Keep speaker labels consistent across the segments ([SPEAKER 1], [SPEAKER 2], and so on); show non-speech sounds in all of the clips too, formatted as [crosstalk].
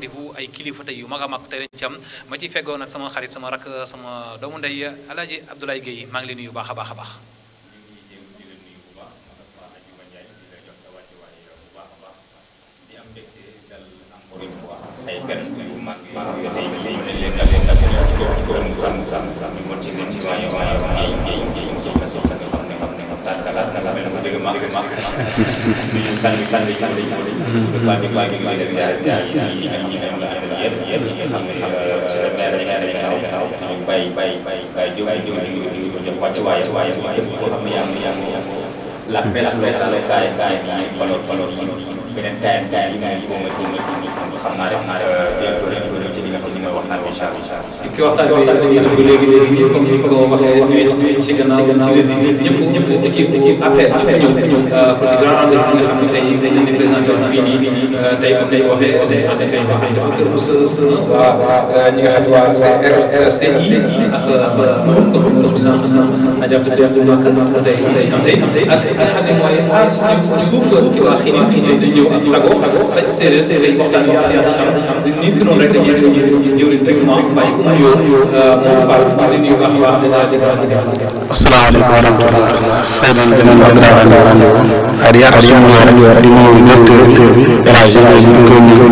[SPEAKER 1] difu ay kilifa yu mag a mag ci am ma ci feggoo nag sama xarit
[SPEAKER 2] sama rak sama doomu ndey Alaaji Abdoulaye Guèye maa leen nuyu baax a baax
[SPEAKER 3] a ไลักเพศเลสไลค์ไกลไกไปไปไปไลไปลดเป็นแทนแทนยังไงโอมาจุมาจุมาทำมาทำมาเดี๋ยวก็เ ki waxtaan bi
[SPEAKER 1] dañuy dugg léegi léegi nii comme ni ko waxee ñëwee ci gannaaw ci rési ñëpp ñëpp équipe
[SPEAKER 2] équipe appel ñëpp ñëw pour ci grand rendez-vous bi nga xam ne tey dañ leen di présenté woon fii nii tey comme dañ waxee tey ànd tey wax nañ dafa kër bu sa waa ñi nga xam ne waa CRC yi ak Nour comme Nour bi sànq sànq ajabtu dem du mag tey tey am tey am tey ak ki nga xam ne mooy aar suuf ci waa xii nii tey dañ ñëw ak tagoo sañ séeréer tey waxtaan bi yàlla yàlla am nit ki noonu rek dañuy jëwriñ rek directement bàyyi ko mu nuyoo moom Fall maa ngi nuyu baax a baax dinaa ci gën a gën a. asalaamaaleykum wa rahmatulah. xëy na dinañ
[SPEAKER 4] la gën a gën a gën a. ak yaakaar si moom rek di moom directeur bi El Hadj Ndiaye ñu koy nuyu.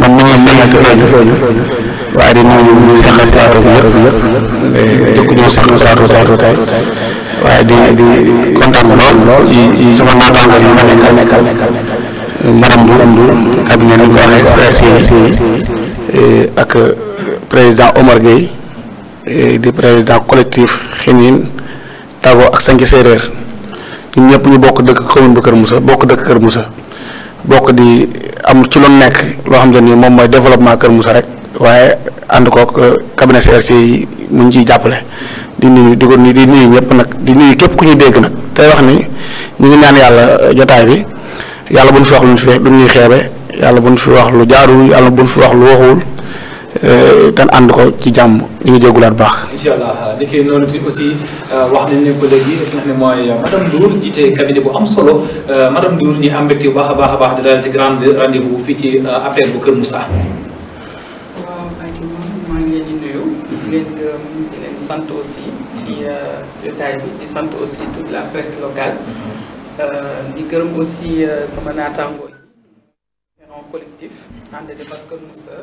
[SPEAKER 4] man mi ngi sant rajo. waaye di nuyu saxal plateau bi yëpp. Eh, dëkk ñoo saxal plateau plateau tey. waaye di di kontaan lool ci sama naataango yi ma nekkal nekkal eh, maram bu maram bu cabinet ni ko waxee ak président Omar Gueye di président collectif Xinin Tago ak Sanki Séeréer ñun ñëpp ñu bokk dëkk commune bu Kër Moussa bokk dëkk Kër Moussa bokk di am ci loolu nekk loo xam ne nii moom mooy développement Kër Moussa rek waaye ànd kook cabinet CRC si mu ngi ciy jàppale di nuyu di ko nuyu di nuyu ñëpp nag di nuyu képp ku ñuy dégg nag tey wax ni ñu ngi ñaan yàlla eh, jotaay bi yàlla bu ñu fi wax lu ñu fi lu ñuy xeebe yàlla bu ñu fi wax lu jaarul yàlla bu ñu fi wax lu waxul. dan euh, and ko ci jàmm li nga baax
[SPEAKER 2] incha allah ni ki aussi euh, wax nañ ne ko léegi fi nga madame Ndour jiite cabinet bu am solo euh, madame Ndour ñi am bu baax a baax di ci grand rendez-vous ci bu Kër Moussa waaw Fadi
[SPEAKER 5] moom maa ngi leen di nuyu mhm. leen di leen sant aussi ci bi di sant aussi toute la presse locale mhm. di gërëm aussi sama collectif Moussa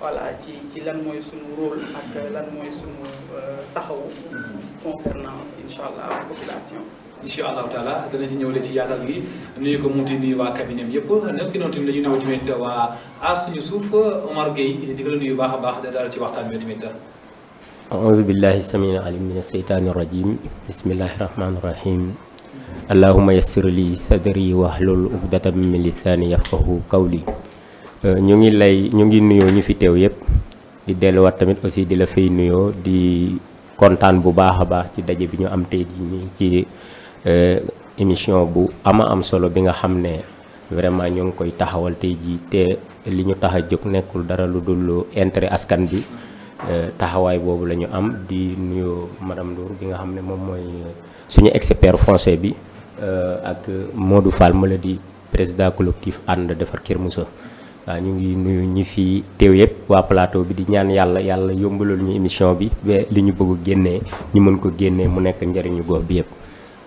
[SPEAKER 5] voilà ci ci lan mooy suñu rôle ak lan mooy suñu euh, taxawu concernant incha allah population
[SPEAKER 2] incha dana ci ñëwale ci yaatal gi nuyu ko munti nuyu waa cabinet am yëpp nekk noonu tamit dañu nuyu tamit waa aar suñu suuf Omar Gueye di ko la nuyu baax a baax da daal ci waxtaan bi tamit
[SPEAKER 6] aouzu billahi samiil alim min aseytaani rajim bismillahi rahmaani rahim allahuma yassir li sadri wahlul uqdatam min lisaani yafqahu qawli Euh, ñu ngi lay ñu ngi nuyoo ñu fi teew yëpp di delluwaat tamit aussi di la fay nuyoo di kontaan bu baax a baax ci daje bi ñu am tey jii nii ci euh, émission bu ama am solo bi nga xam ne vraiment ñu ngi koy taxawal tey jii te li ñu tax a jóg nekkul dara lu dul intérêt askan bi euh, taxawaay boobu la ñu am di nuyoo madame Ndour bi nga xam ne moom mooy suñu expert foncier bi ak Modou Fall ma la di président collectif ànd defar Kër Moussa. waaw ñu ngi nuyu ñi fi teew yëpp waa plateau bi di ñaan yàlla yàlla yombalal ñu émission bi ba li ñu bëgg génnee ñu mën ko génnee mu nekk njëriñu gox bi yëpp.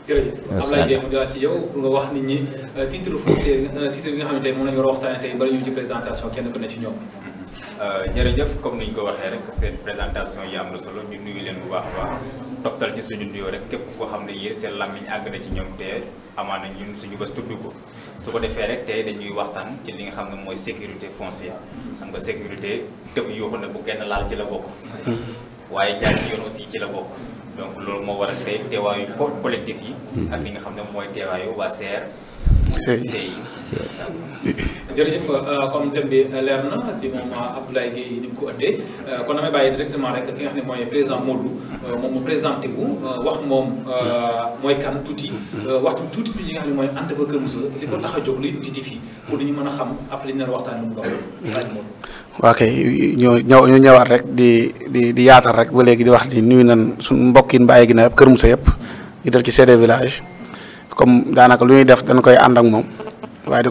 [SPEAKER 6] jërëjëf
[SPEAKER 2] nga wax nit ñi euh, titre foncier euh, bi nga xam ne tey moom la ñu war tey bala ñu ci présentation kenn ku ne ci ñoom. Euh, jërëjëf comme ni ñu ko waxee rek seen présentation yi am na solo ñu
[SPEAKER 3] nuyu leen bu baax a baax ci suñu nuyoo rek képp koo xam ne yéen seen làmmiñ àgg na ci ñoom te amaana ñun suñu bés tudd ko su ko defee rek tey dañuy waxtaan ci li nga xam ne mooy sécurité foncière xam nga sécurité tëb yoo xam ne bu kenn laal ci la bokk mm-hmm. waaye jaar yoon aussi ci la bokk donc loolu moo war waral tey teewaayu collectif yi ak li nga xam ne mooy teewaayu waa CR sëy
[SPEAKER 2] jërëjëf euh, comme thème bi euh, leer na ci moom euh, Abdoulaye Gueye ni mu ko ëndee kon damay bàyyi directement rek ki nga xam ne mooy président Modou moom mu présenté bu wax moom mooy kan tuuti waxtu tuuti li nga xam ne mooy Anta Ba Kër Moussa li ko ñu mën a xam après li ñu waxtaan lu mu
[SPEAKER 1] doon
[SPEAKER 4] waa kay ñu ñëwaat rek di di di yaatal rek ba léegi di wax ni nuyu nan suñu mbokk yi mbàyyi gi na yëpp Kër Moussa yëpp di def ci seede village comme daanaka lu ñuy def dañ koy ànd ak moom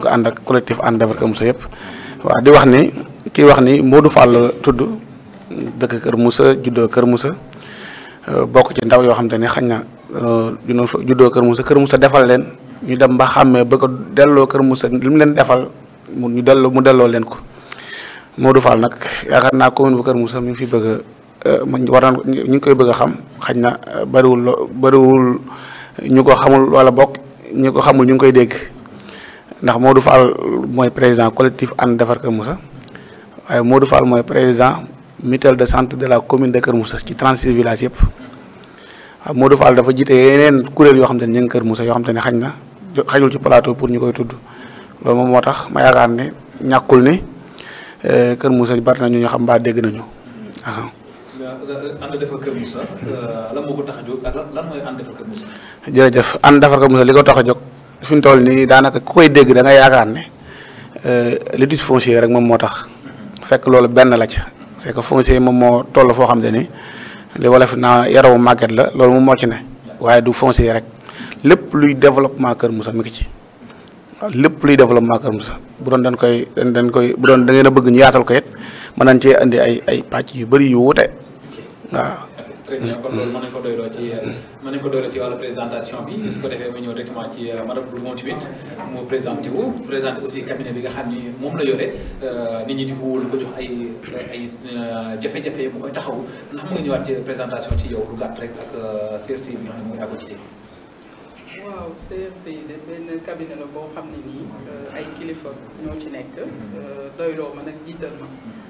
[SPEAKER 4] andak kolektif ko ànd ak collectif ànd defar Kër Moussa yëpp waaw di wax ni kii wax ni Modou Fall la tudd dëkk Kër Moussa juddoo Kër Moussa euh, bokk ci ndaw yoo xam te ne xañ na euh, juddoo Kër Moussa defal len ñu dem ba xàmmee ba ko delloo Kër Moussa li defal ñu delloo mu delloo ko Modou Fall commune bu Kër musa mi fi bëgg euh, man waran ñu koy bëgg xam xañ ñu ko xamul wala bokk ñu ko xamul ñu ngi koy dégg ndax moo Modou Fall mooy président collectif ànd defar Kër Moussa waaye du Fall mooy président mutuelle de santé de la commune de Kër Moussa ci 36 village yëpp moo Modou Fall dafa jiite yeneen kuréel yoo xam ne ñu ngi Kër Moussa yoo xam ne xañ na xañul ci plateau pour ñu koy tudd loolu moom moo tax ma yaakaar ne ñàkkul ne euh, Kër Moussa bari na ñu xam mbaa dégg nañu.
[SPEAKER 2] ànd defar Kër Moussa eh, lan moo ko lan mooy ànd defar Kër
[SPEAKER 4] Moussa. ku koy da nga yaakaar ne eh, litige foncier rek moom moo fekk loolu benn la ca c'est que foncier moom moo toll foo xam ni li wala fi yarawu màgget la loolu moom moo ci ne waaye du foncier rek lépp luy développement Kër Moussa mi ci. lépp luy développement bu koy koy bu da bëgg ñu yaatal ko nañ andi ay ay pàcc yu bëri yu waaw.
[SPEAKER 2] très bien kon loolu mën nañu ko doyloo ci mën nañu ko doyloo ci wàllu présentation bi. su ko defee mu ñëw directement ci euh, madame Goudou moom tamit mu présenté wu présenté aussi cabinet bi nga xam ni moom la yore euh, nit ñi di ko wóolu ko jox ay ay euh, jafe-jafe mu koy taxaw ndax mu ngi ñëwaat ci présentation ci yow lu gàtt rek ak CRC bi mooy àggu ci
[SPEAKER 5] waaw CRC yi de benn cabinet la boo xam ne nii ay kilifa ñoo ci nekk mm-hmm. doyloo ma nag jiital ma. Mm-hmm.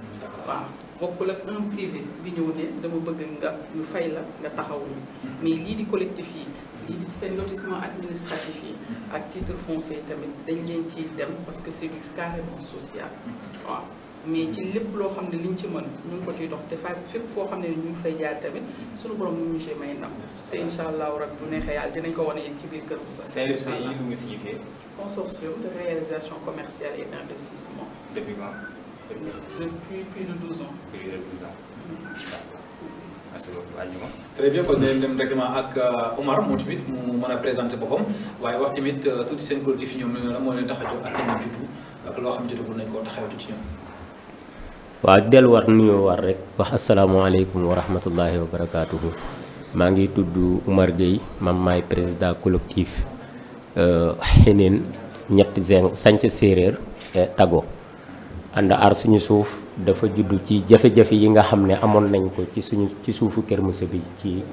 [SPEAKER 5] waaw bokkul ak un privé bi ñëw né dama bëgg nga ñu fay la nga ni mais lii di collectif yi lii di seen lotissement administratif yi ak titre foncier tamit dañ leen ciy dem parce que c'est du carrément social waaw mais ci lépp loo xam ne liñ ci mën ñu ngi ko ciy dox te fa fépp foo xam ne ñu ngi fay jaar tamit suñu borom mu monsieur may ndam te incha allahu rab bu neexee yàlla dinañ ko wane ci biir kër bu sax consortium de réalisation commerciale et d'investissement Depuis uh, plus de
[SPEAKER 2] très bien kon dinañ directement ak Omar moom tamit mu mën a présenter boppam waaye wax tamit tuuti seen kuréel fi ñoom la moo leen tax a jóg ak kenn juddu ak loo xam jotagul nañ koo taxawatu ci ñoom.
[SPEAKER 6] waaw dellu war nuyoo war rek wax asalaamaaleykum wa rahmatullahi wa barakaatuhu maa ngi tudd Omar Gueye man maay président collectif xeneen uh, ñett zeng sanc séeréer eh, tago ànd aar suñu suuf dafa juddu ci jafe-jafe yi nga xam ne amoon nañ ko ci suñu ci suufu Kër Moussa bi ci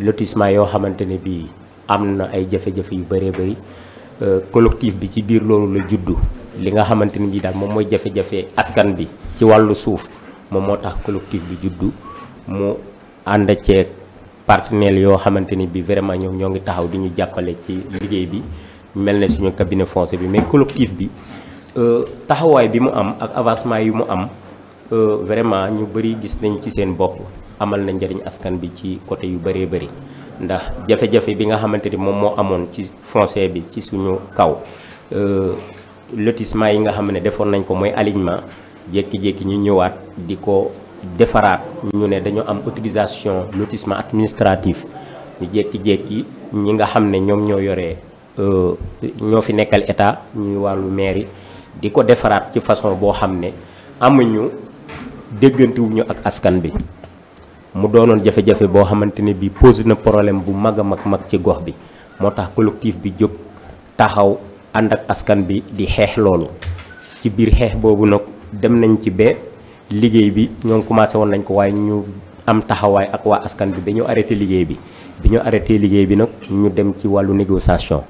[SPEAKER 6] lotissement yoo xamante ne bii am na ay jafe-jafe yu bëree bëri euh, collectif bi ci biir loolu la juddu li nga xamante ne bii daal moom mooy jafe-jafe askan bi ci wàllu suuf moom moo tax collectif bi juddu mu ànd ceeg partenaires yoo xamante ni bii vraiment ñoom ñoo ngi taxaw di ñu jàppale ci liggéey bi mel ne suñu cabinet foncier bi mais collectif bi. Euh, taxawaay bi mu am ak avancement yi mu am euh, vraiment ñu bëri gis nañ ci seen bopp amal na njëriñ askan bi ci côté yu bëree bëri ndax jafe-jafe bi nga xamante ni moom moo amoon ci foncier bi ci suñu kaw euh, lotissement yi nga xam ne defoon nañ ko mooy alignement jékki-jékki ñëwaat di ko defaraat ñu ne dañoo am autorisation lotissement administratif jékki-jékki ñi nga xam ne ñoom ñoo yore ñoo fi nekkal état ñuy wàllu mairie di ko defaraat ci façon boo xam ne amuñu déggantewuñu ak askan bi mu doonoon jafe-jafe boo xamante ne bi posé na problème bu mag a mag mag ci gox bi moo tax collectif bi jóg taxaw ànd ak askan bi di xeex loolu ci biir xeex boobu nag dem nañ ci ba liggéey bi ñoom commencé woon nañ ko waaye ñu am taxawaay ak waa askan bi ba ñu arrêté liggéey bi bi ñu arrêté liggéey bi nag ñu dem ci wàllu négociation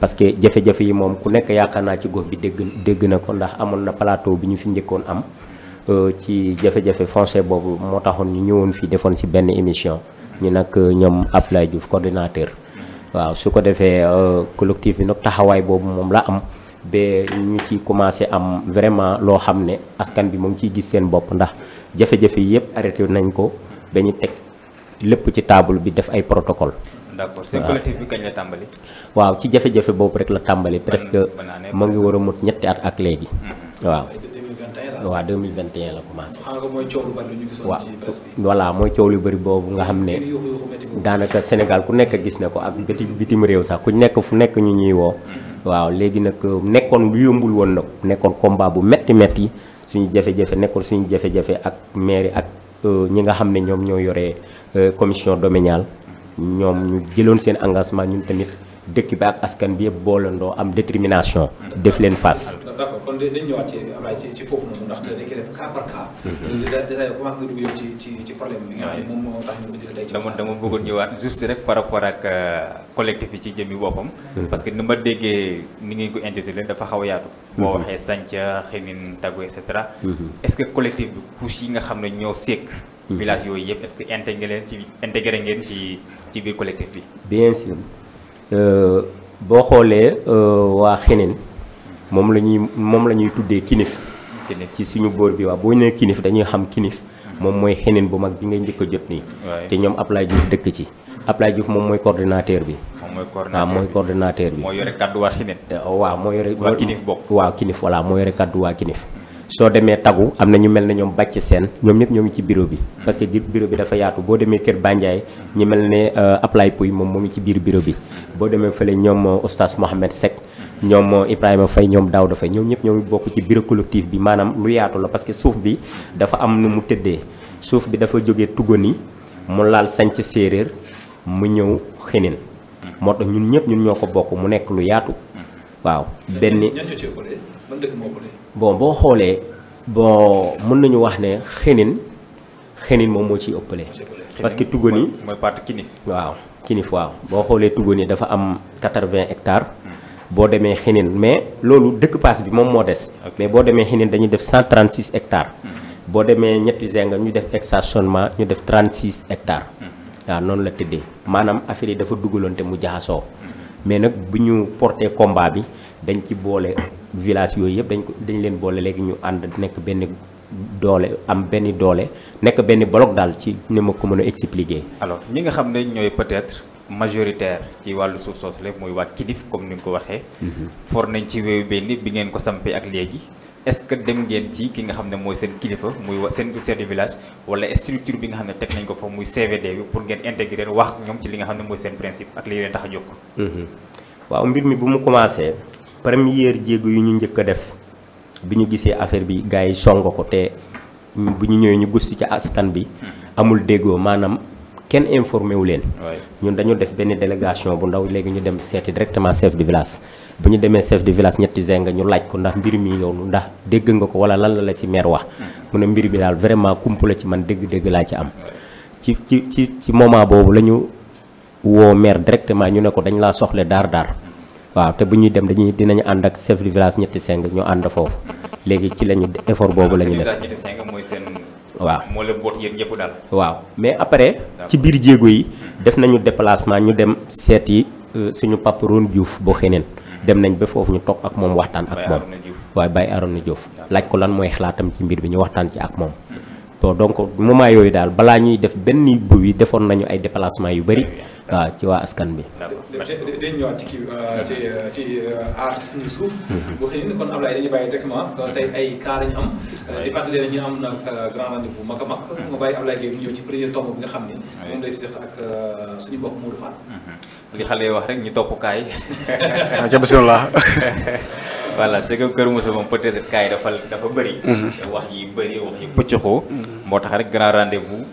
[SPEAKER 6] parce que jafe-jafe yi moom ku nekk yaakaar naa ci gox bi dégg dégg na ko ndax amoon na plateau bi ñu fi njëkkoon am euh, ci jafe-jafe foncier boobu moo taxoon ñu ñëwoon fii defoon ci benn émission ñu nag euh, ñoom Abdoulaye Diouf coordinateur waaw su ko defee euh, collectif bi nag taxawaay boobu moom la am ba ñu ci commencé am vraiment loo xam ne askan bi mu ngi ciy gis seen bopp ndax jafe-jafe yëpp arrêté nañ ko ba ñu teg lépp ci table bi def ay protocole d' accord seen collectif bi kañ tàmbali. waaw ci jafe-jafe boobu rek la tàmbali. presque moo ngi war a mot ñetti at ak léegi. Mm-hmm. waaw. waaw 2021 la
[SPEAKER 2] commencé. xam nga mooy coow lu bari
[SPEAKER 6] mooy coow lu bari boobu nga xam ne daanaka Sénégal ku nekk gis na ko ak bitim bitim réew sax ku nekk fu nekk ñu ñuy woo. Mm-hmm. waaw léegi nag euh, nekkoon lu yombul woon nag nekkoon combat bu metti metti suñu jafe-jafe nekkoon suñu jafe-jafe ak mairie ak euh, ñi nga xam ne ñoom ñoo yore euh, commission domaniale. ñoom ñu jëloon seen engagement ñun tamit dëkk bi ak askan bi yëpp boolandoo am détermination. def leen fas
[SPEAKER 2] d'accord kon dañu ñëwaat ci Ablaye ci dama dama bëggoon ñëwaat
[SPEAKER 3] juste rek par rapport ak euh, collectif yi ci jëmmi boppam. Mhm. parce que ni ma déggee ni ngeen ko intitulé dafa xaw a yaatu. Mhm. boo waxee sànca xëy na tàggu et cetera. Mhm. est-ce que collectif bi couche yi nga xam ne ñoo sekk. Mm-hmm. village yooyu yëpp est-ce que intégré ci intégré ngeen ci ci biir collectif bi.
[SPEAKER 6] bien sûr euh, boo xoolee euh, waa xeneen moom la ñuy moom la ñuy tuddee kinif. ci suñu boor bi waaw boo nee kinif dañuy xam kinif. Mm-hmm. moom mooy xeneen bu mag bi ngay njëkk jot nii. te ñoom Ablaye Diouf dëkk ci. Ablaye Diouf moom mooy coordinateur bi. waaw mooy coordinateur bi. moo yore
[SPEAKER 3] kaddu waa xeneen. Euh, waaw
[SPEAKER 6] moo yore. waa kinif bokk waaw kinif voilà moo yore kaddu waa kinif. soo demee tagu am na ñu mel ne ñoom bàcc seen ñoom ñëpp ñoo ngi ci bureau bi mm. parce que bureau bi dafa yaatu boo demee kër Bandiaye ñi mel ne euh, Ablay Pouy moom moo ngi ci biir bureau bi mm. boo demee fële ñoom euh, Oustaz Mohamed Seck ñoom euh, Ibrahima Faye ñoom Daouda Faye ñoom ñëpp ñoo ngi bokk ci bi maanaam lu yaatu la parce que bi dafa am nu mu tëddee suuf bi dafa jógee Tugoni mu laal sanc séeréer mu ñëw xinin mm. moo tax ñun ñëpp ñun ñoo ko bokk mu nekk lu yaatu waaw benn bon bo xolé bon mën nañu wax né xenin xenin mom mo ci ëppale. parce que Tugoni moy partie Kinif. waaw Kinif waaw bo xolé Tugoni dafa am 80 hectares. Hmm. bo démé xenin mais lolu dëkk pass bi mom mo dess mais bo démé xenin dañuy def 136 hectares. Hmm. bo démé ñetti zinga ñu def stationnement ñu def 36 hectares. da hmm. non la tédé manam affaire yi dafa dugaloon te mu jaxasoo. mais nak buñu porter combat bi. dañ ci boole village yooyu yëpp dañ ko dañ leen boole léegi ñu ànd nekk benn doole am benn doole nekk benn bloc daal ci ni ma ko mën a expliquer.
[SPEAKER 3] alors ñi nga xam ne ñooy peut-être majoritaire ci wàllu suuf soosu rek muy waa kilif comme ni nga ko waxee. Mhm. for nañ ci wéyu benn bi ko sampee ak léegi. est-ce que dem ngeen ci ki nga xam ne mooy seen kilifa muy seen chef de village wala structure bi nga xam ne teg nañ ko fa muy CVD bi pour ngeen intégrer wax ñoom ci li nga xam ne mooy seen principe ak li a jóg.
[SPEAKER 6] Mhm. première jéego yu ñu njëkk a def bi ñu gisee affaire bi gars yi song ko te bu ñu ñëwee ñu gëstu ci askan bi amul déggoo maanaam kenn informé wu leen. ñun dañu def benn délégation bu ndaw léegi ñu dem seeti directement chef de village. bu ñu demee chef de village ñetti zeng ñu laaj ko ndax mbir mi yoonu ndax dégg nga ko wala lan la la ci maire wax. Mm. mu ne mbir bi daal vraiment kumpu la ci man dégg-dégg laa ci am. ci ci ci ci moment boobu la ñu woo maire directement ñu ne ko dañ laa soxle daar daar. waaw te bu ñuy dem dañuy dinañu ànd ak chef du village ñetti seng ñu ànd foofu léegi ci lañu effort boobu la ñu def
[SPEAKER 3] waaw moo la boot yéen ñëpp daal
[SPEAKER 6] waaw mais après ci biir jéego yi def nañu déplacement ñu dem seet yi euh, suñu pap Roon Diouf boo xeneen dem nañ ba foofu ñu toog ak moom waxtaan ak moom waaye Baye Arona Diouf laaj ko lan mooy xalaatam ci mbir bi ñu waxtaan ci ak moom to donc moment yooyu daal ñuy def benn nañu ay déplacement yu bari waaw ci waa askan bi. dañ
[SPEAKER 2] ñëwaat ci kii euh, ci euh, ci euh, aar suñu
[SPEAKER 1] suuf. Mhm.
[SPEAKER 2] boo xëy na kon Ablaye dañuy bàyyi directement mhm. tey ay cas lañu am. di fàttali ne ñu am nag grand rendez-vous mag a mag. ma bàyyi Ablaye Gueye mu ñëw ci premier tomb bi nga xam ne. moom lay si def ak suñu mbokk Modou Fall.
[SPEAKER 3] Mhm. li xale yi wax rek ñi topp kaay. [laughs] ca bisimilah. [laughs] voilà c'est que Kër Moussa moom peut-être kaay dafa dafa bëri. wax yi bëri wax yi pëcc moo tax rek grand rendez-vous.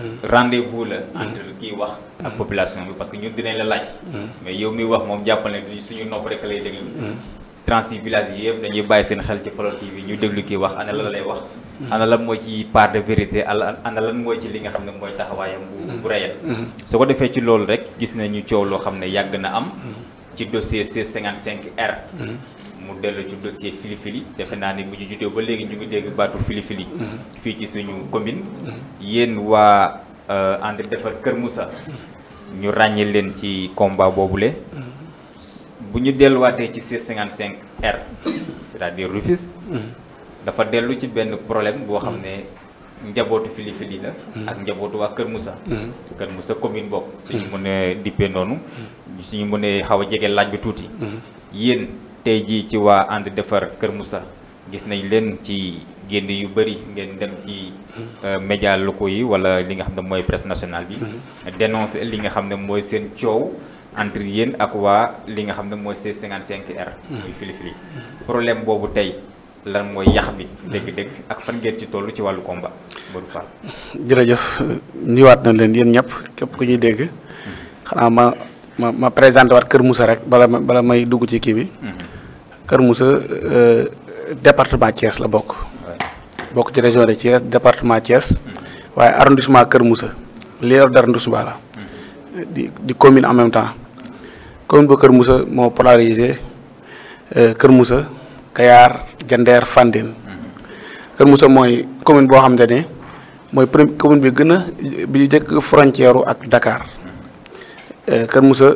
[SPEAKER 3] Euh, rendez-vous la entre mm. kii wax ak mm. population bi parce que ñun dinañ la laaj mm. mais yow miy wax moom jàppal ne du suñu nopp rek lay déglu 36 village yi yëpp dañuy bàyyi seen xel ci Pulel TV ñu déglu kii wax ana la lay wax ana lan moo ci part de vérité ana lan mooy ci li nga xam ne mooy taxawaayam bu bu reyal su ko defee ci loolu rek gis ñu coow loo xam ne yàgg na am ci dossier c cinq r mu dellu ci dossier filifili defe naa ne bu ñu juddoo ba fili ñu ngi dégg baatu filifili yen mhm. ci suñu commune mhm. yéen waa ànd euh, defar Kër Moussa mhm. ñu wa leen ci combat boobule bu ñu delluwaatee ci 55 R c'est-à-dire Rufisque dafa dellu ci benn problème boo xam ne njabootu filifili la ak njabootu wa Kër Moussa Kër Moussa commune bokk suñu mënee dippee noonu suñu mënee xaw a laaj bi tey jii ci waa ànd defar Kër Moussa gis nañ leen ci génn yu bëri ngeen dem ci euh, média locaux yi wala li nga xam ne mooy presse nationale bi mm-hmm. dénoncer li nga xam ne mooy seen coow entre yéen ak waa li nga xam ne mooy C55R mm-hmm. muy Filifili problème boobu tey lan mooy yax bi mm-hmm. dégg-dégg ak fan ngeen ci toll ci wàllu combat Modou Fall
[SPEAKER 4] jërëjëf nuyuwaat na leen yéen ñëpp képp ku ñuy dégg xanaa ma ma ma présenté waat Kër rek bala bala may dugg ci kii bi Kër Moussa euh, département Thiès la bokk. bokk ci région de Thiès département Thiès. waaye arrondissement Kër Moussa li yor d'arrondissement la. di di commune en même temps commune bu Kër Moussa moo polarisé euh, Kër Moussa Kayar Jandeer Fandine. Kër Moussa mooy commune boo xam ne mooy premier commune bi gën bi njëkk frontière ak Dakar euh, Kër Moussa.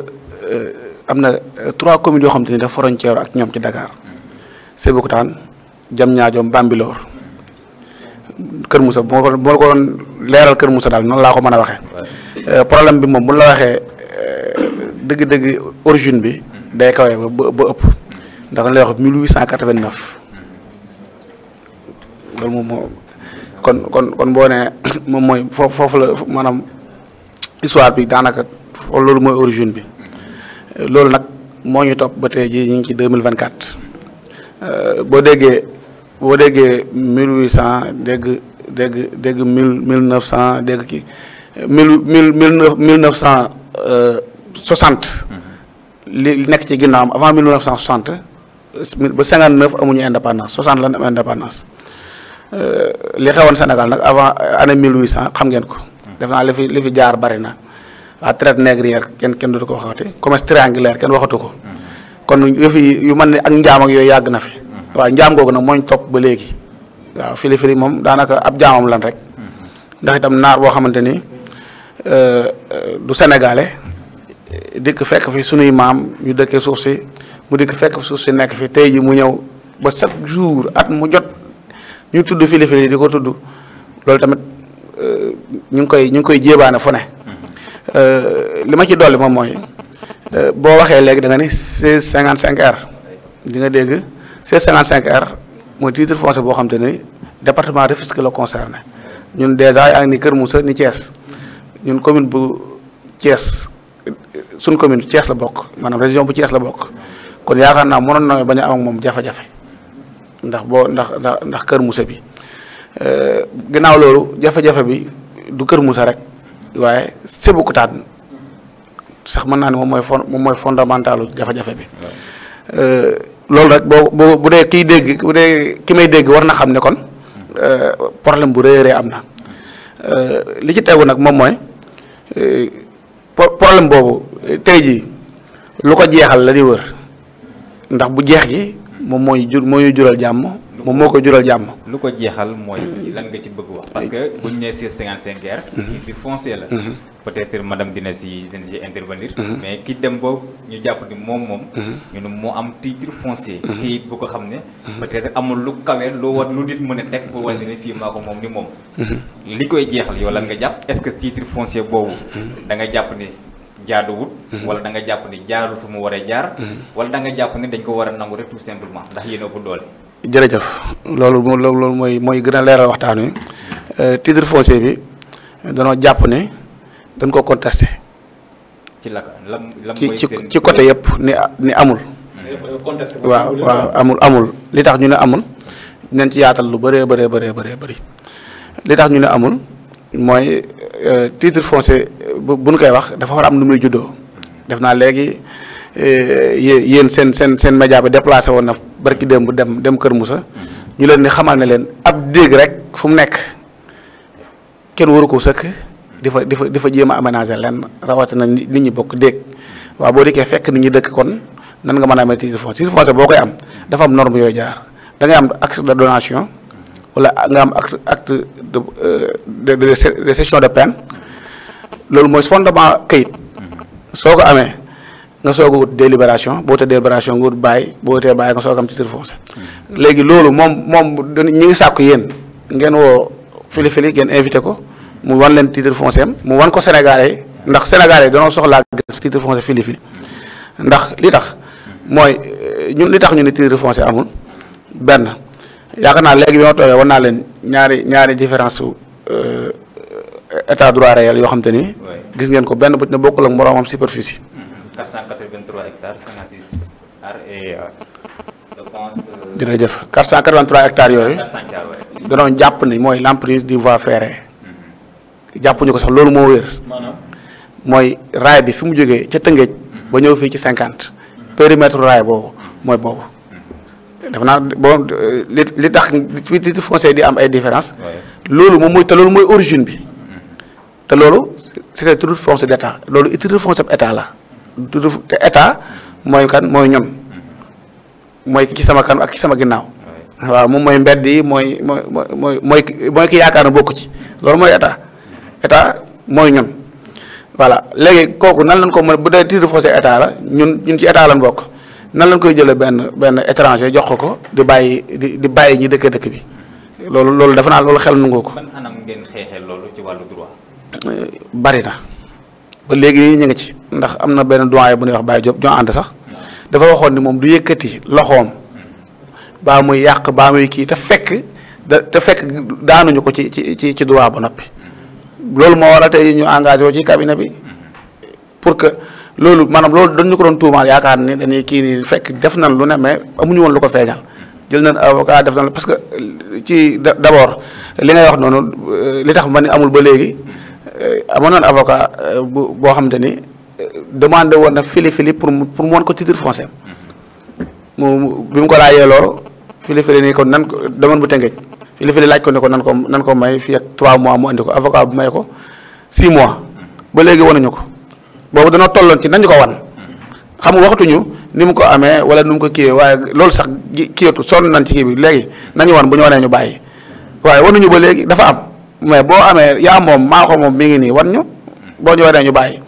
[SPEAKER 4] am na euh, trois communes yoo xam te ni dafa frontière ak ñoom ci Dakar Sébikotane Diamniadio Bambilor Kër Moussa bu ma ko doon leeral Kër Moussa daal noonu laa ko mën a waxee euh, problème bi moom bu la waxee euh, dëgg-dëgg origine bi day kawee ba ba ëpp ndax lay wax 1889 loolu moom moo kon kon kon boo nee [coughs] moom mooy foofu foofu la maanaam histoire bi daanaka loolu mooy origine bi. loolu nag moo ñu topp ba tey jii ñu ngi ci 2024 euh, boo déggee boo déggee 1800 dégg dégg mille 1000 1900 dégg ki mille mille mille 1000 cent 1960. Mhm. li nekk ci ginnaawam avant mille 1960 ba 59 amuñu indépendance 60 lan am indépendance euh, li xewoon Sénégal nag avant année 1800 xam ngeen ko. Mhm. def naa li fi li fi jaar bari na. à traite négrière kenn kenn dootu ko waxati commerce triangulaire kenn waxatu ko kon yëf yi yu mën ne ak njaam yooyu yàgg na fi waaw njaam googu nag mooñ topp ba léegi waaw filifili moom daanaka ab jaamam lan rek ndax itam naar boo xamante ni euh, euh, du sénégalais dikk fekk fi sunuy maam ñu dëkkee suuf si mu dikk fekk suuf si nekk fi tey ji mu ñëw ba chaque jour at mu jot ñu tudd filifili di ko tudd loolu tamit euh, ñu ngi koy ñu ngi koy jéebaane fu ne Euh, li ma ci dolli moom mooy euh, boo waxee léegi danga nga ni seize cinquante cinq R di dégg seize cinquante cinq R mooy titre foncier boo xam te ni département Rufisque la concerné ñun dèjà yaa ngi ni Kër Moussa ni Thiès ñun commune bu Thiès suñ commune Thiès la bokk maanaam région bu Thiès la bokk kon yaakaar naa mënoon na bañ a am ak moom jafe-jafe ndax boo ndax ndax ndax Kër Moussa bi euh, ginnaaw loolu jafe-jafe bi du Kër Moussa rek. waaye sébukutaat sax mën naa ne moom mooy fond moom mooy fondamentalu jafe-jafe bi. Euh, loolu rek boo bu dee kiy dégg bu dee ki may dégg war na xam ne kon euh, problème bu rëy a rëy am na euh, li ci tegu nag moom mooy problème boobu tey jii lu ko jeexal la di wër ndax bu jeex ji. moom mooy ñu jur moo ñu jural jàmm. moom moo ko jural jàmm.
[SPEAKER 3] lu ko jeexal mooy lan nga ci bëgg wax. parce que bu ñu nee CES 55 guerre. ci biir foncier la. Mhm. peut-être madame dina si dina si mais ki dem ba ñu jàpp ni moom moom. Mhm. ñu ne moo am titre foncier. Mhm. kayit bu ko xam ne. peut-être amul lu kawe lu war lu nit mën a teg pour wane ne fii maa ko moom ni moom. li koy jeexal yow lan nga jàpp est-ce que titre foncier boobu. da nga jàpp ni. jaaduwut mhm. wala da nga jàpp ni jaarul fu mu waree jaar mhm. wala da nga jàpp ni dañ ko war a nangu rek tout simplement ndax yéen ëpp doole
[SPEAKER 4] jërëjëf loolu loolu mooy mooy gën a leeral waxtaan wi euh, titre foncier bi danoo jàpp ne dañ ko contesté
[SPEAKER 3] ci la ci ci ci côté yëpp ni ni amul waaw waaw
[SPEAKER 4] amul amul li tax ñu ne amul dinañ ci yaatal lu bëree bëree bëree bëree bëri li tax ñu ne amul mooy euh, titre foncier bu buñ koy wax dafa war a am nu muy juddoo def naa léegi euh, yéen seen seen seen média bi déplacé woon na barki démb dem dem Kër Moussa ñu leen di xamal ne leen ab dégg rek fu mu nekk kenn waru ko sëkk di fa di fa di fa jéem a aménager leen rawatina nit ñi bokk dégg waaw boo dikkee fekk nit ñi dëkk kon nan nga mën a amee titre foncier titre foncier boo koy am dafa am norme yooyu jaar da ngay am acte de donation. wala nga am acte acte de euh, de de cession de peine loolu mooy fondement kayit soo ko amee nga soog a wut délibération boo tee délibération nga wut bàyyi boo te bàyyi nga soog am titre foncier mm-hmm. léegi loolu moom moom ñi ngi sàkk yéen ngeen woo fili fili ngeen invité ko mu wan leen titre foncier am mu wan ko Sénégalais ndax Sénégalais danoo soxlaa gis titre foncier fili fili ndax li tax mm-hmm. mooy euh, ñun li tax ñu ne titre foncier amul benn. yakana naa léegi bi ma toogee war naa leen ñaari ñaari différence su euh, état droit réel yoo xam te ni. gis ngeen ko benn bu ne bokkul ak moroomam superficie.
[SPEAKER 3] 483 mm-hmm. hectares 56 ar et euh, je
[SPEAKER 4] pense. Euh, jërëjëf 483 hectares yooyu. 400 waaye. danoon jàpp ni l'emprise du voie ferrée. Mm-hmm. jàpp ko sax raay bi mm-hmm. ba ci 50. périmètre raay def naa bon li li tax li titre foncier di am ay différence loolu moom mooy te loolu mooy origine bi te loolu c'est le titre foncier d'état loolu titre foncier état la titre te état mooy kan mooy ñun mooy ki sama kan ak ki sama ginnaaw waaw moom mooy mbedd mooy mooy mooy mooy mooy ki yaakaar na bokk ci loolu mooy état état mooy ñun voilà léegi kooku nan lañ ko mën bu dee titre foncier état la ñun ñun ci état la bokk nan lañ koy jëlee benn benn étranger jox ko ko di bàyyi di di bàyyi ñi dëkk dëkk bi loolu loolu dafa naa loolu xel nungoo ko. ban
[SPEAKER 3] anam ngeen xeexee loolu ci wàllu droit.
[SPEAKER 4] Eh, bari na ba léegi ñu ngi ci ndax am na benn doyen bu nuy wax Baye Diop ñoo ànd sax dafa waxoon ni moom du yëkkati loxoom baa muy yàq baa muy kii te fekk da te fekk daanuñu ko ci ci ci droit ba noppi loolu moo waral tey ñu engagé wu ci cabinet bi pour que. loolu maanaam loolu dañu ko doon tuumaal yaakaar ni dañuy kii nii fekk def nañ lu ne mais amuñu woon lu ko feeñal jël nañ avocat def nañ parce que euh, ci d'abord li ngay wax noonu euh, li tax ma ni amul ba léegi euh, amoon nañ avocat bu boo xam ni demandé woon na fili fili pour mu pour mu wan ko titre foncier mu bi mu ko laajee loolu fili fili nii ko nan ko demoon bu tëngeej fili fili laaj ko ne ko nan ko nan ko may fi ak 3 mois mu andi ko avocat bu may ko 6 mois ba léegi wanuñu ko. boobu danoo tolloon ci nañu ko wan xam nga waxtuñu ni mu ko amee wala nu mu ko kiiyee waaye loolu sax kiyatu sonn nañ ci kii bi léegi nañu wan bu ñu wanee ñu bàyyi waaye wanuñu ba léegi dafa am mais boo amee yaa moom maa ko moom mi ngi nii wan ñu boo ñu wanee ñu bàyyi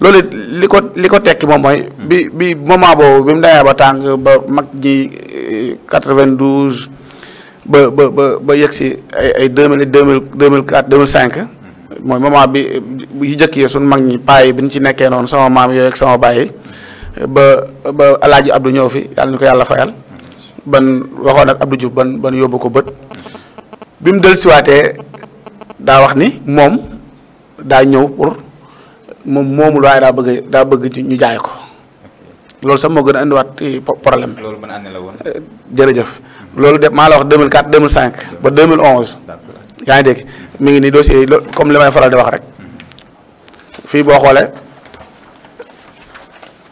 [SPEAKER 4] loolu li ko li ko tekki moom mooy bi bi moment boobu bi mu demee ba tàng ba mag ji 92 eh, ba ba ba ba yegg si ay ay 2000 2004 2005 mooy moment bi yu jëkk yi suñ mag ñi paay bi ñu ci nekkee noonu sama maam yooyu ak sama baay ba ba alaaji Abdou ñëw fi yàlla ñu ko yàlla fayal ban waxoon ak Abdou Diouf ban ban yóbbu ko bët bi mu del siwaatee daa wax ni moom daa ñëw pour moom moomul waaye daa bëgg daa bëgg ñu jaay ko loolu sax moo gën a indiwaat problème bi. loolu ban la woon. Eh, jërëjëf loolu de maa la wax 2004 2005 ba 2011. yaa ngi dégg mi ngi ni dossier yi comme li may faral di wax rek fii boo xoolee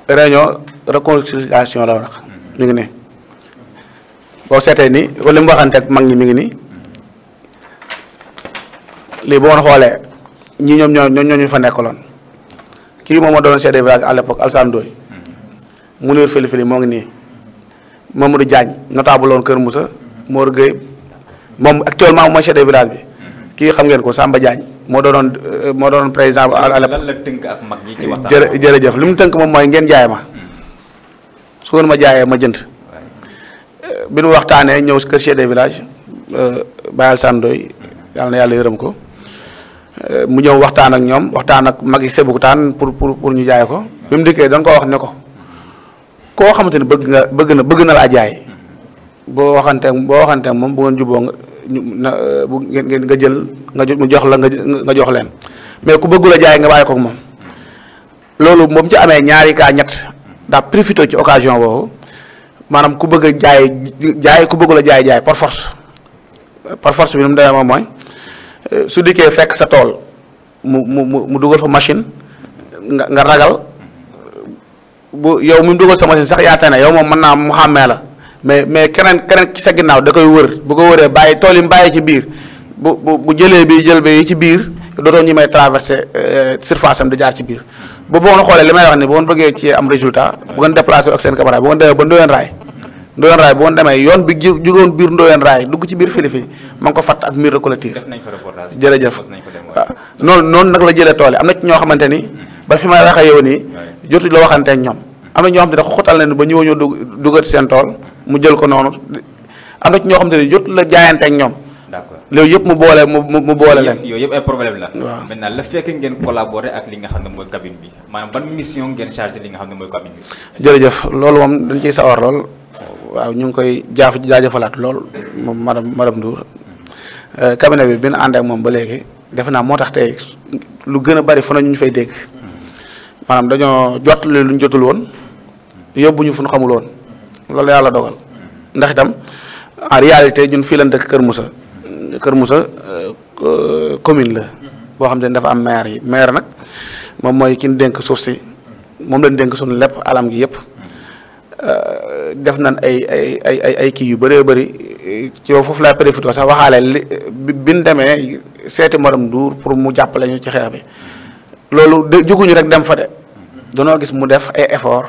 [SPEAKER 4] réunion réconciliation la wax mi ngi ne boo seetee ni wala mu waxante mag ñi mi ngi nii lii boo woon xoolee ñii ñoom ñoo ñoo ñu fa nekkaloon kii moom ma doon chef de village à l'époque Alassane Ndoye Mounir Fili Fili moo ngi nii Mamadou Diagne notable woon Kër Moussa Mor Gueye moom actuellement mooy chef de village bi kii xam ngeen ko Samba Diagne moo doonoon euh, moo doonoon président à la.
[SPEAKER 3] lan la tënk ak mag ñi ci
[SPEAKER 4] jërëjëf li mu tënk moom mooy ngeen jaay ma su ngeen ma jaayee ma jënd. bi nu waxtaanee ñëw kër chef de village Bayal Sandoy yàlla na yàlla yërëm ko euh, mu ñëw waxtaan ak ñoom waxtaan ak mag yi Sébikotane pour pour pour ñu jaay ko. bi mu dikkee da nga ko wax ne ko koo xamante ne bëgg nga bëgg na bëgg na laa jaay. boo waxanteeg boo waxanteeg moom bu ngeen juboo eh, bu ngeen nga jël nga mu jox la nga jox leen mais ku bëggul a jaay nga bàyyi ko moom loolu moom ci amee ñaari kaa ñett daa profité ci occasion boobu maanaam ku bëgg jaay jaay ku bëggul jaay jaay par force par force bi nu mu demee eh, su dikkee fekk sa tool mu mu mu fa machine nga ragal bu yow mu dugal sa machine sax yaa tane yow moom mën naa mu xàmmee la. mais mais keneen keneen ci sa ginnaaw da koy wër bu ko wëree bàyyi tool yi mu bàyyi ci biir bu bu bu jëlee bi jël bi ci biir dootoo ñi may traversé euh, surface am di jaar ci biir bu boon xoolee li may wax ni bu ngeen bëggee ci am résultat bu ngeen déplacé ak seen camarade bu ngeen demee ba Ndoyeen Raay Ndoyeen Raay bu ngeen demee yoon bi jugoon biir Ndoyeen Raay dugg ci biir Filifi ma ngi ko fatt ak mur de clôture jërëjëf ah, waaw noonu noonu nag la jëlee tool yi am na ñoo xamante ni ba fi may wax jotu la waxante ak ñoom am na ñoo xam ne dafa xotal leen ba ñëw ñoo dugg dugat seen tool mu jël ko noonu am na ci ñoo xam te ne jot la jaayante ak ñoom. d'accord loolu yëpp mu boole mu mu boole leen.
[SPEAKER 3] yooyu yëpp ay problème la. waaw maintenant la fekk ngeen collaborer ak li nga xam ne mooy cabine bi maanaam ban mission ngeen chargé li nga xam ne mooy cabine bi.
[SPEAKER 4] jërëjëf loolu moom dañ ciy sawar lool waaw ñu ngi koy jaaf jaajëfalaat lool moom madame madame Ndour euh, cabinet bi bi ñu ak moom ba léegi defe naa moo tax lu gën bari fu ñu fay dégg hmm. maanaam dañoo jot lu jotul woon yóbbu fu ñu xamul woon. loolu yàlla dogal ndax itam en réalité ñun fii lan Kër Moussa Kër musa euh, commune la boo xam te ne dafa am maire yi maire nag moom mooy ki dénk suuf si moom lañ dénk suñu lépp alam gi yëpp euh, def nañ ay ay ay ay kii yu bëree bëri ci foofu laa profité sax waxaale li bi demee seeti Madame duur pour mu jàppale ñu ci xeex bi
[SPEAKER 1] loolu de juguñu rek dem fa
[SPEAKER 4] de danoo gis mu def ay effort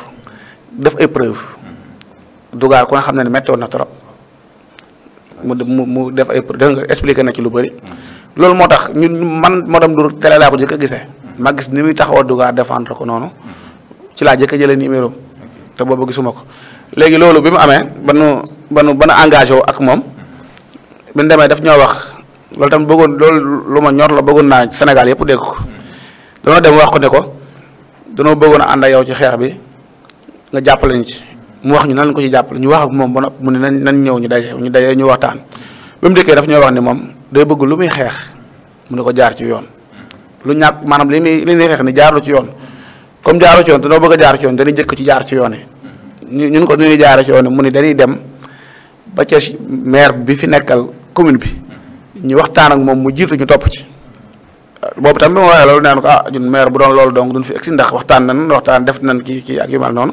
[SPEAKER 4] def ay preuve dugaar ku nga xam ne méttoon na trop mu mu mu def ay dégg nga expliqué na ci lu bëri mm-hmm. loolu moo tax ñun man madame Ndour télé laa ko jëkk a gisee ma gis ni muy taxawoo dugaar défendre ko noonu mm-hmm. ci laa jëkk a jëlee numéro te boobu gisuma ko léegi loolu bi mu amee ba nu ba nu ba nu ak moom bi ñu def ñoo wax loolu tam bëggoon loolu lu ma ñor la bëggoon naa Sénégal yëpp dégg ko mm-hmm. danoo dem wax ko ne ko danoo bëggoon a ànd ak yow ci xeex bi nga jàppale ñu ci. mu wax ñu nan lañ ko ci jàppale ñu wax ak moom ba noppi mu ne nañ nañ ñëw ñu daje ñu daje ñu waxtaan bi mu dëkkee daf ñoo wax ni moom day bëgg lu muy xeex mu ne ko jaar ci yoon lu ñàkk maanaam li muy li muy xeex ni jaarlu ci yoon comme jaarlu ci yoon te doo a jaar ci yoon dañuy jëkk ci jaar ci yoon yi ñun ko dañuy jaar ci yoon mu ne dañuy dem ba ca maire bi fi nekkal commune bi ñu waxtaan ak moom mu jiitu ñu topp ci boobu tam bi ma waxee loolu naan ko ah ñun maire bu doon loolu donc duñ fi egsi ndax waxtaan nan waxtaan def nan kii kii ak yu mel noonu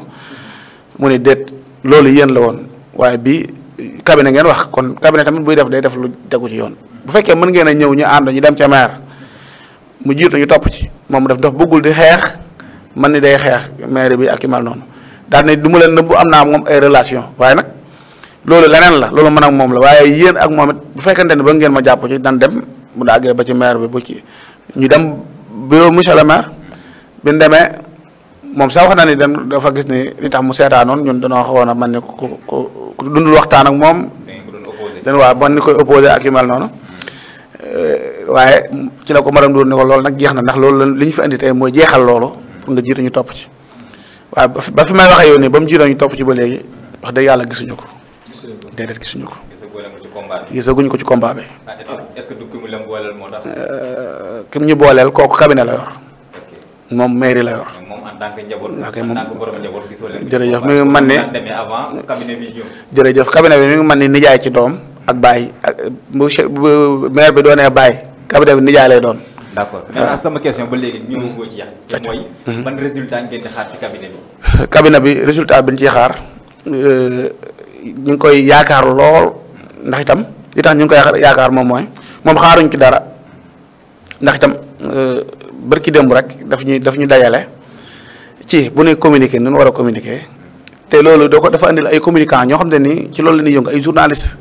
[SPEAKER 4] mu ne déet loolu yéen la woon waaye bi cabinet ngeen wax kon cabinet tamit buy def day def lu tegu ci yoon bu fekkee mën ngeen a ñëw ñu ànd ñu dem ca maire mu jiitu ñu topp ci moom daf daf bëggul di xeex man ni day xeex maire bi ak yu mel noonu daal ne du ma leen nëbbu am naa moom ay relation waaye nag loolu leneen la loolu mën ak moom la waaye yéen ak moom it bu fekkente ne ba ngeen ma jàpp ci dan dem mu daggee ba ci maire bi bu ci ñu dem bureau monsieur le maire moom sax wax na ni dem dafa gis ni li tax mu seetaanoon ñun dañoo xawoon a man ni ku ku ku dundul waxtaan ak moom. dañu waaw man ni koy opposé ak yu mel noonu. Eh, waaye ci la ko maram doon ni ko loolu nag jeex na ndax loolu li ñu fi indi tey mooy jeexal loolu pour nga jiitu ñu topp ci waaye ba fi may waxee yow nii ba mu jiitu ñu topp ci ba léegi wax dëgg yàlla gisuñu ko. gisuñu ko déedéet gisuñu ko.
[SPEAKER 3] ko ci combat bi. Ah, est booleel moo tax. Eh,
[SPEAKER 4] ki ñu booleel kooku cabinet la yor. moom mairie la yor.
[SPEAKER 3] moom en ngi man ne demee avant cabinet bi
[SPEAKER 4] ñëw. ngi man ne nijaay ci doom ak baay ak bu bi doonee baay cabinet bi nijaay lay doon. d' accord ah.
[SPEAKER 3] sama question ba léegi ñëw nga ci yàq. Mhm. résultat ngeen ci
[SPEAKER 4] [laughs] bi. résultat bi ñu ciy xaar euh, ñu ngi koy yaakaar lool ndax itam li ñu ngi koy yaakaar moom mooy moom xaaruñ ci dara ndax itam. Euh, bërki démb rek daf ñuy daf ñu dajale ci bu ne communiqué nu war a communiqué te loolu doo ko dafa andil ay communicants ñoo xam ne ni ci loolu la ñuy yëngu ay journalistes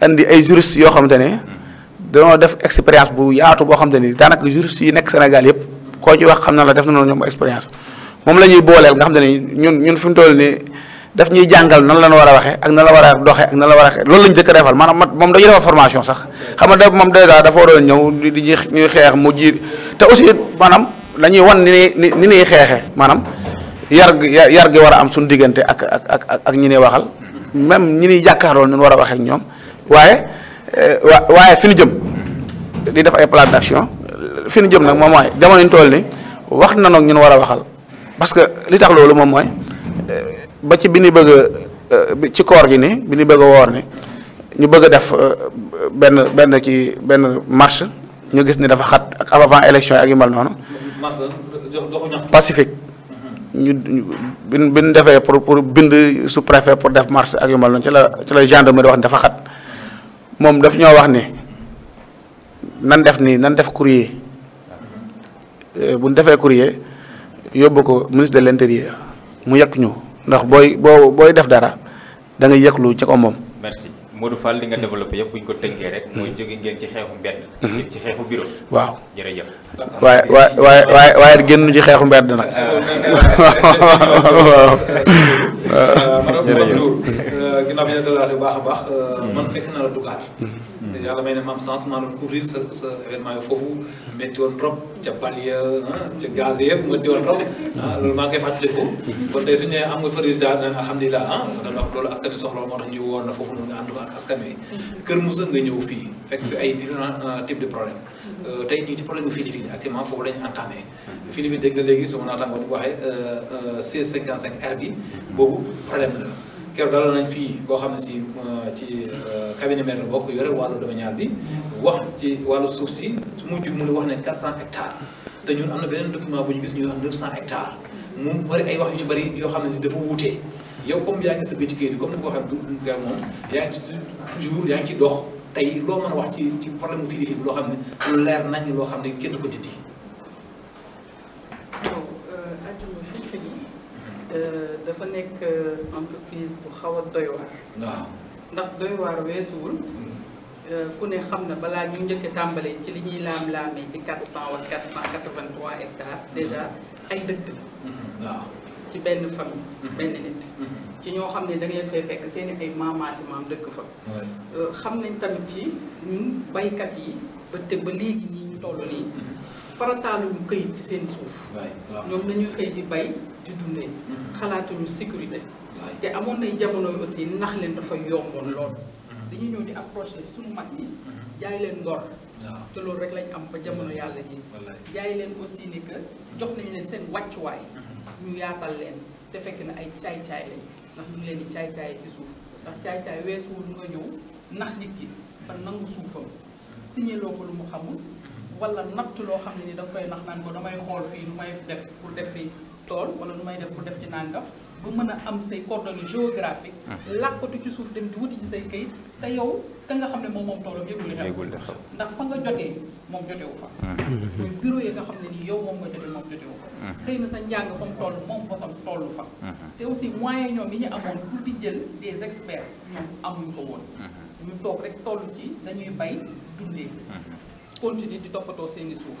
[SPEAKER 4] andi ay juristes yoo xam ne dañoo def expérience bu yaatu boo xam te ni yi nekk Sénégal yëpp koo wax xam na la def na noonu ñoom expérience moom la ñuy booleel nga xam te ñun ñun fi mu toll nii daf ñuy jàngal nan la ñu war a waxe ak na la war a doxee ak nan la war a loolu la ñu jëkk defal maanaam moom dañuy defal formation sax xam nga moom dèjà dafa waroon ñëw di ñuy xeex mu ji. te aussi manam, dañuy wan ni ni ni ñuy manam, maanaam yar ya-, yar gi wara am sun diggante ak ak ak ak ak waxal même ñi ñuy jàkkaarloo ñun war a waxee ak ñoom waaye eh, waaye fi ñu jëm di def ay plan d'action fi ñu jëm nag moom mooy jamono ñu toll ni wax na nag ñun war a waxal parce que li tax loolu moom mooy eh, ba ci bi bëgg eh, ci koor gi ni bi bëgg a ni ñu bëgg def ben benn ci benn marche ñu gis ni dafa xat ak avant élection ak yu mel noonu. pacifique. ñu bin bin defee pour pour bind sous préfet pour def marche ak yu non. noonu ci la ci la gendarmerie wax ni dafa xat daf ñoo wax ni nan def nii nan def courrier euh, bu ñu defee courrier yóbbu ko ministre de l' intérieur mu yëg ñu ndax booy def dara da nga yëglu ci ko
[SPEAKER 3] Modou Fall li nga mm-hmm. développé yëpp bu ñu ko tënkee rek. mooy mm-hmm. jóge ngeen ci xeexu mbedd. Mm-hmm. ci xeexu bureau. waaw jërëjëf. waaye waaye waaye waaye
[SPEAKER 4] génn ci xeexu mbedd nag. [laughs] waaw. jërëjëf madame Ndour euh,
[SPEAKER 2] ginnaaw bi ñu la dalal bu baax a baax. Euh, man fekk na yàlla may na maam chance maanaam couvrir sa sa événement yi foofu métti woon ah, ah, loolu maa ngi koy fàttaliku kon tey suñu nee am nga fa résultat a alhamdulilah ah dana wax loolu askan wi soxla moo tax ñu woon na foofu noonu nga ànd ko ak askan wi kër Moussa fii fekk fi ay différents euh, types de problème euh, tey ci problème bu Filifini actuellement foofu la ñu entamé Filifini dégg nga léegi su ma naataangoo di ko waxee euh, C55R bi boobu problème la keroog dalal nañ fii koo xam ne si euh, ci euh, cabinet maire la bokk yore wàllu domanial bi wax ci wàllu suuf si su mujj mu ne wax ne 400 hectares te ñun am na beneen document bu ñu gis ñuy wax 900 hectares mu bari ay wax yu ci bari yoo xam ne si dafa wuute yow comme yaa ngi sëgg ci kayit bi comme ni ko waxee du kër moom yaa ngi ci toujours yaa ngi ci dox tey loo mën wax ci ci problème mu fii di loo xam ne lu leer nañ loo xam ne kenn du ko dindi.
[SPEAKER 5] dafa nekk entreprise bu xaw a doy waar. waaw ndax doy waar weesuwul. ku ne xam na balaa ñu njëkk a tàmbalee ci li ñuy laam-laamee ci quatre cent wala quatre cent quatre-vingt-trois hectares déjà ay dëkk la. waaw ci benn famille. benn nit. ci ñoo xam ne da ngeen fay fekk seen i ay maamaati maam dëkk fa. xam nañ tamit ci ñun baykat yi ba te ba léegi ñii ñu toll nii. farataaluñu këyit ci seen suuf. ñoom dañuy xëy di bay. di dundee mm-hmm. xalaatuñu sécurité te amoon nay jamono yi aussi nax leen dafa yomboon lool mm-hmm. dañuy ñëw di approché suñu mag ñi mm-hmm. jaay leen ngor te loolu rek lañ am ba jamono yàlla ji jaay leen aussi ni que jox nañ leen seen wàccuwaay ñu yaatal leen te fekk na ay caay-caay lañ ndax ñu leen di caay-caay ci suuf ndax caay-caay weesuwul nga ñëw nax nit ki ba nangu suufam signé loo ko lu mu xamul wala natt loo xam ne ni da koy nax naan ko damay xool fii lu may def pour def fii tool wala lu may def pour def ci nangam ba mën a am say coordonnées géographiques. Ah. làkkatu ci suuf dem di wuti ci say kayit te yow ka nga xam ne moom moom toolam yëgul de xew ndax fa nga jotee moom jotewu fa. Ah. mooy bureau yi nga xam ne nii yow moom nga jotee moom jotewu ah. xëy na sa njàng fa mu toll moom bosam tollu fa. te aussi moyen ñoom yi ñu amoon pour di jël des experts ñoom amuñ ko woon. ñu toog rek toll ci dañuy bay dundee. continuer di toppatoo seeni suuf.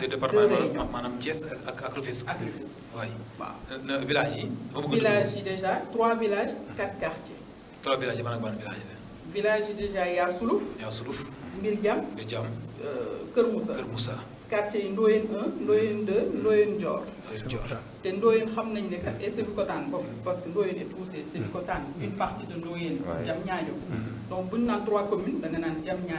[SPEAKER 2] Le département madame Thiès village
[SPEAKER 5] déjà trois villages quatre quartiers.
[SPEAKER 2] trois villages village
[SPEAKER 5] village déjà ya ya euh, quartier Ndoyen 1 Ndoyen 2 hmm. Ndoyen Dior. Ndoyen parce que Ndoyen est poussé hmm. une hmm. partie de Ndoyen. donc trois communes da nga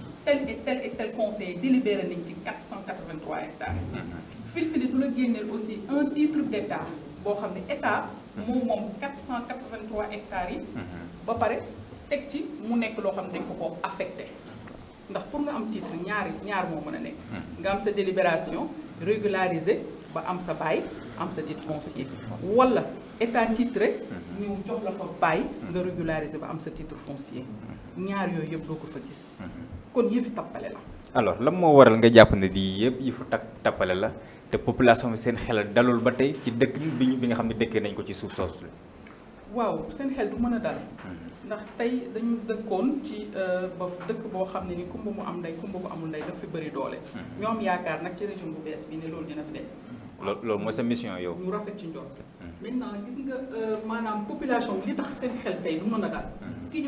[SPEAKER 5] tel et tel et tel conseil délibéré nañ ci 483 hectares mhm. Fil du la génneel aussi un titre d'état. Bon, boo xam état mhm. moom 483 hectares yi
[SPEAKER 1] mhm.
[SPEAKER 5] ba pare teg ci mu nekk loo xam ne ko affecté ndax pour nga am titre ñaari ñaar moo mën a nekk nga am sa délibération régulariser, ba am sa bail am sa titre foncier wala état titré on jox la fa bail de régulariser ba am sa titre foncier ñaar yooyu yëpp doo ko fa gis kon yëfi tappale la.
[SPEAKER 3] alors lan moo waral nga jàpp ne di yëpp yëfu tak tappale la te population bi seen xel dalul ba tey ci dëkk bi bi nga xam ne dëkkee nañ ko ci suuf soosu.
[SPEAKER 5] waaw seen xel du mën a dal. Mm-hmm. ndax tey dañu dëkkoon ci euh, ba dëkk boo xam ne ni kumba mu am ndey kumba mu amul ndey daf fi bëri doole. Mm-hmm. ñoo am yaakaar nag ci régime bu bees bi ne loolu dina fi dem. Mm-hmm.
[SPEAKER 3] loolu mooy sa mission yow. ñu
[SPEAKER 5] rafet ci njort. maintenant gis nga euh, maanaam population bi li tax seen xel tey mën a dal. ki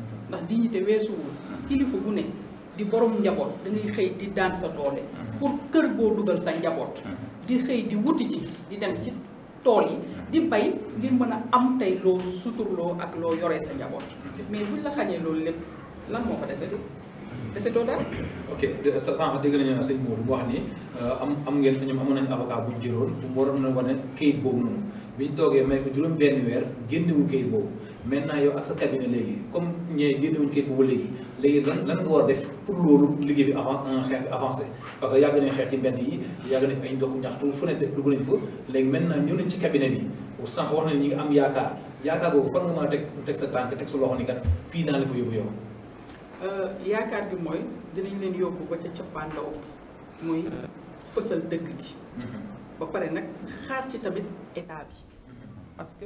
[SPEAKER 5] ndax di ñu dignité weesuwul mm-hmm. kilifa bu ne di borom njaboot da xëy di daan sa doole mm-hmm. pour kër goo dugal sa njaboot mm-hmm. di xëy di wuti ci di dem ci tool yi di bay ngir mën a am tey loo suturloo ak loo yoree sa njaboot mais bu buñ la xañee loolu lépp lan moo fa desati desetoo daal
[SPEAKER 2] ok sànq dégg nañu sëñ Modou mu wax ni euh, am am ngeen ñoom amoon nañu avocat bu ñu jëloon waroon na ne kayit boobu noonu bi toogee may ko juróom benn weer génnewul kayit boobu maintenant yow ak sa cabinet léegi comme ñee génnewuñ kii boobu léegi léegi lan lan nga war a def pour loolu liggéey bi avant xeex bi avancé parce que yàgg nañ xeex ci mbedd yi yàgg nañ ay ndoxu ñaxtu fu ne dugg nañ fa léegi maintenant ñëw nañ ci cabinet bi sànq wax nañ ñi ngi am yaakaar yaakaar boobu fan nga mën teg sa tànk teg sa loxo ni kat fii naa la fa yóbbu yow
[SPEAKER 5] euh, yaakaar bi mooy dinañ leen yóbbu ba ca cappaandaw bi mooy fësal dëkk gi mhm. ba pare nag xaar ci tamit état bi parce que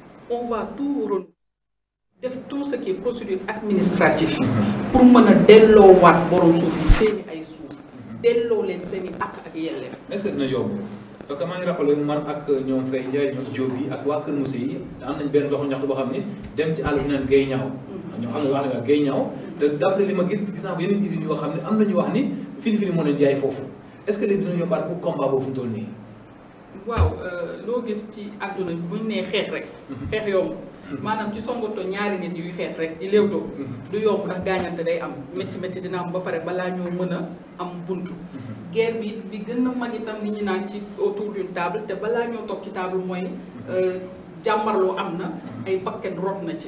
[SPEAKER 5] on waa tout waroon def tout ce qui est procédure administrative pour mën a delloowaat borom suuf yi seen ay suuf delloo leen seen i àq ak yelleef.
[SPEAKER 2] est-ce que dina yomb parce que maa ak ñoom Faye Ndiaye ñoom Diop yi ak waa Kër Moussa yi am nañ benn doxu ñaxtu boo xam ne dem ci àll bi naan gay ñaaw. ñoo xam ne wax na nga gay ñaaw te yoo xam ne am nañu wax ni fii nii fii a jaay foofu est-ce que li dina yombaat combat boobu mu toll nii.
[SPEAKER 5] waaw euh, loo gis ci àdduna bi buñ nee xeex rek. Mhm. xeex yomb. Mhm. maanaam ci songoto ñaari nit yuy xeex rek di léewtoo mhm. du yomb ndax gaañante day am métti métti dina am ba pare balaa ñoo mën a am buntu. guerre bi bi gën a mag itam ni ñu naan ci autour d'une table te balaa ñoo toog ci table mooy euh, jàmbarloo am na ay bakkan rot na ci.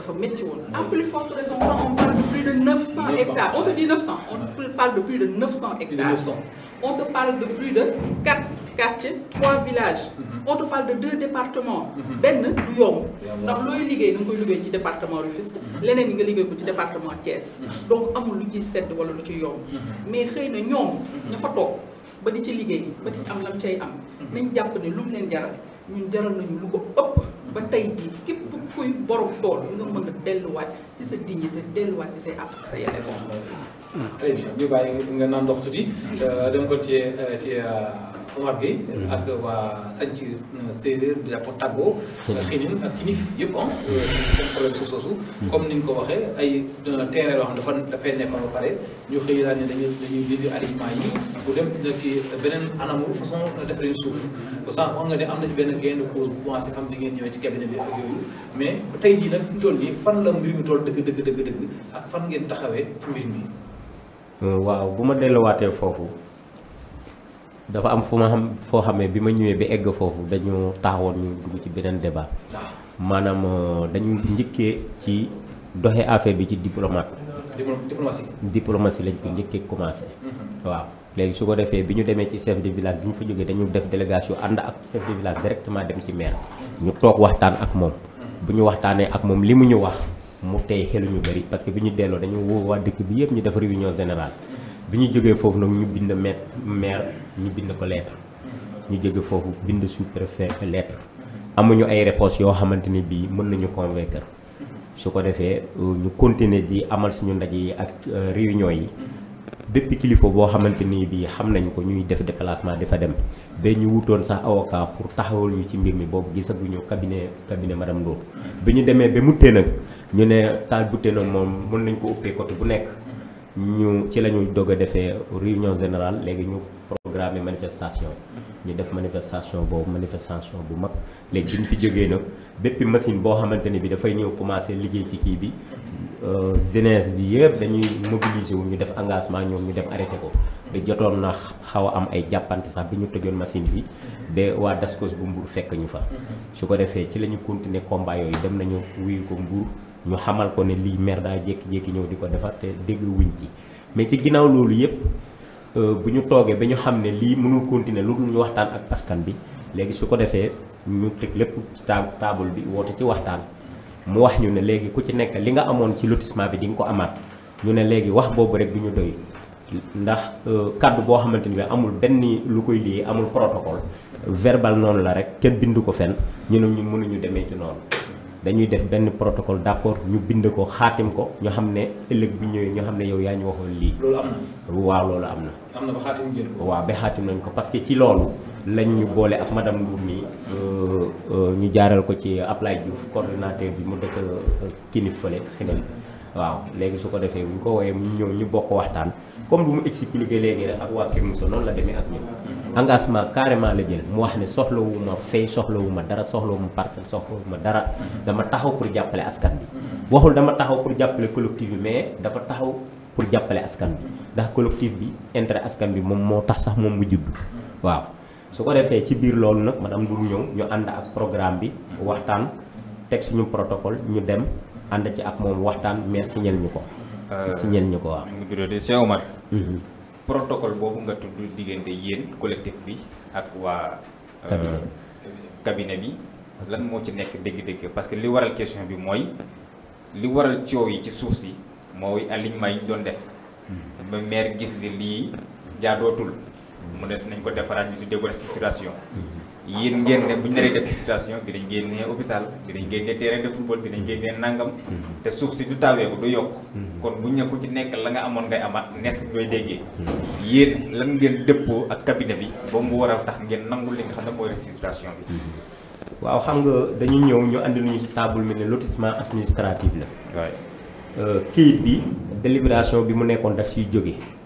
[SPEAKER 5] dafa métti woon en plus forte raison quand on parle de plus de 900 hectares on te dit 900 on te parle de plus de 900 hectares on te parle de plus de quatre quartiers trois villages mm-hmm. on te parle de deux départements mm-hmm. benn du yomb ndax looy liggéey da nga koy liggéey ci département Rufisque mm-hmm. leneen yi nga liggéey ko ci département Thiès donc amul lu ciy sedd wala lu ci yomb mais xëy na ñoom ña fa toog ba di ci liggéey ba di am lam cay am nañ jàpp ne lu mu leen jaral ñun jaral nañu lu ko ba tey jii képp kuy borom tool nga mën a delluwaat ci sa dignité delluwaat ci say àq sa yelleef.
[SPEAKER 2] très bien ñu bàyyi nga naan ndox tuuti euh, dem ko ci euh, ci. Euh, war bi mm-hmm. ak waa sanc euh, séeréer bi jàpp tàggoo mm-hmm. xinin ak kinif yëpp am ah. mm-hmm. euh, seen problème soosu comme ni ñu ko waxee ay euh, terrain yoo xam dafa dafay nekkoon ba pare ñu xëy daal ne dañu dañuy dindi alignement yi bu dem ci beneen anamu façon defaree suuf pourtant wax nga ne am na ci benn gain de cause bu commencé am di ngeen ñëwee ci cabinet bi ak yooyu mais tey jii nag fi mu toll nii fan la mbir mi toll dëgg dëgg dëgg dëgg ak fan ngeen taxawee ci mbir mi
[SPEAKER 6] waaw bu ma delluwaatee foofu dafa am fu ma xam foo xamee bi ma ñëwee bi egg foofu dañu taxawoon ñu dugg ci beneen débat maanaam euh, dañu njëkkee ci doxe affaire bi ci diplomate diplomatie diplomatie lañ ko njëkkee commencé mhm. waaw léegi su ko defee bi ñu demee ci chef de village bi ñu fa jógee dañu def délégation ànd ak chef de village directement dem ci maire mhm. ñu toog waxtaan ak moom mhm. bu ñu waxtaanee ak moom li mu ñu wax mu tey xelu ñu bëri parce que bi ñu delloo dañu woo dikk bi yëpp ñu def réunion bi ñu jógee foofu nag ñu bind maire ñu bind ko lettre ñu jege foofu bind sous-préfet lettre amuñu ay réponses yoo xamante ni bii mën nañu convaincre su ko defee euh, ñu continuer di amal suñu ndaje ak euh, réunion yi bépp kilifa boo xamante ni bii xam nañ ko ñuy def déplacement di fa dem ba ñu wutoon sax avocat pour taxawal ñu ci mbir mi boobu gisaguñu cabinet cabinet madame Ndour bi ñu demee ba mu tee nag ñu ne taal bu nag moom mën nañ ko uppee côté bu nekk ñu ci la ñu dog a defee réunion général léegi ñu. programme manifestation ñu def manifestation boobu manifestation bu mag léegi bi ñu fi jógee nag bépp machine boo xamante ni bi dafay ñëw commencé liggéey ci kii bi euh, jeunesse bi yëpp dañuy mobiliser wu ñu def engagement ñoom ñu dem arrêté ko ba jotoon na xaw am ay jàppante sax bi ñu tëjoon machine bi ba waa Dascos bu Mbour fekk ñu fa su ko defee ci la ñu continuer combat yi dem nañu wuyu ko Mbour ñu xamal ko ne lii maire daa jékki-jékki ñëw di ko defar te dégg wuñ ci mais ci ginnaaw loolu yëpp Euh, bu ñu toogee ba ñu xam ne lii mënul continuer lu dul ñu waxtaan ak askan bi léegi su ko defee ñu teg lépp ci taabal bi woote ci waxtaan mu wax ñu ne léegi ku ci nekk li nga amoon ci lotissement bi di nga ko amaat ñu ne léegi wax boobu rek du ñu doy ndax euh, kàddu boo xamante ni bi amul benn lu koy liyee amul protocole verbal noonu la rek kenn bindu ko fenn ñu ne ñu mënuñu demee ci noonu dañuy def benn protocole d'accord ñu bind ko xaatim ko ñu xam ne ëllëg bi ñëwee ñu xam ne yow yaa ñu waxoon lii. loolu am na waaw loolu am na.
[SPEAKER 2] am na ba ko. waaw
[SPEAKER 6] ba xaatim nañ ko parce que ci loolu lañ ñu boole ak madame Ndour nii euh, euh, ñu jaaral ko ci Ablaye Diouf coordonnateur bi mu dëkk euh, kinif fële xëy waaw léegi su ko defee bu ñu ko woowee mu ñëw ñu bokk waxtaan. comme bu mu expliqué léegi rek ak waa Kër Moussa noonu la demee ak ñun engagement carrément la jël mu wax ne soxlawu ma fay soxlawu ma dara soxlawu ma parcelle ma dara dama taxaw pour jàppale askan bi waxul dama taxaw pour jàppale collectif bi mais dafa taxaw pour jàppale askan bi ndax collectif bi intérêt askan bi moom moo tax sax moom mu juddu waaw su ko defee ci bir loolu nag madame Ndour ñëw ñu ànd ak programme bi waxtaan teg suñu protocole ñu dem ànd ci ak moom waxtaan mais signal ñu Euh, signal ñu ko waaw. ñu
[SPEAKER 3] ngi bureau de Cheikh Omar. Mm-hmm. protocole boobu nga tudd diggante yéen collectif bi ak waa. Euh, cabinet bi lan moo ci nekk dégg-dégg parce que li waral question bi mooy li waral coow yi ci suuf si mooy alignement yi ñu doon def. Mm-hmm. ba gis ni lii jaadootul. mu des nañ ko defaraat ñu tuddee ko restructuration. Mm-hmm. yéen ngeen ne bu ñu naree def situation bi dañ génnee hôpital bi dañ génnee terrain de football bi dañ génnee nangam. Hmm. te suuf si du tawee ko du yokk. Hmm. kon bu ñu ne ku ci nekk la nga amoon ngay amaat nes bi ngay déggee. Hmm. yéen lan ngeen dëppoo ak cabinet bi ba mu war a tax ngeen nangu li xam ne mooy situation bi.
[SPEAKER 6] waaw xam nga dañu ñëw ñu andi lu ñu ci table mi ne lotissement administratif la. waay euh, kayit bi délibération bi mu nekkoon daf si jóge.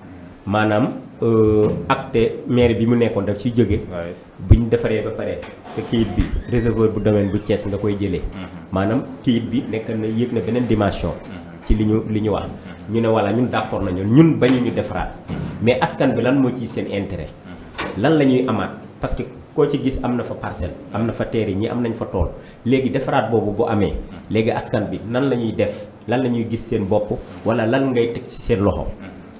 [SPEAKER 6] maanaam euh, ak te maire bi mu nekkoon daf ci jóge bu ñu defaree ba pare sa kayit bi réservoir bu domaine bu cees nga koy jëlee mhm. maanaam kayit bi nekk na yéeg na beneen dimension mhm. ci li ñu li ñu wax mhm. ñu ne voilà ñun d'accord nañu ñun bañu ñu defaraat mais askan bi lan moo ciy seen intérêt lan la ñuy amaat parce que koo ci gis am na fa parcelle am na fa terre yi ñi am nañ fa tool léegi defaraat boobu bu amee léegi askan bi nan la ñuy def lan la ñuy gis seen bopp wala lan ngay teg ci seen loxo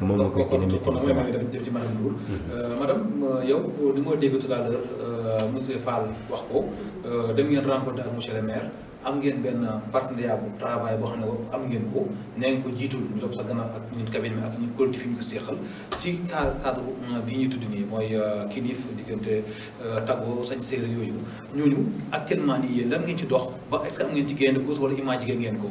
[SPEAKER 6] moom moo koy gën a métti vraiment dafa
[SPEAKER 2] jëm ci mm-hmm. euh, madame Ndour euh, madame yow li euh, ma dégg tout à l'heure monsieur Fall wax ko dem ngeen rencontré ak monsieur le maire am ngeen benn partenariat bu travail boo xam ne ko am ngeen ko nee ngeen ko jiitul ñu topp sa gannaaw ak ñun cabinet ak ñun collectif yi ñu ko seexal ci cadre cadre bi ñuy tudd nii mooy kinif diggante taggo sañ séeréer yooyu ñooñu actuellement nii lan ngeen ci dox ba est-ce que am ngeen ci génn cause wala image jigéen ngeen ko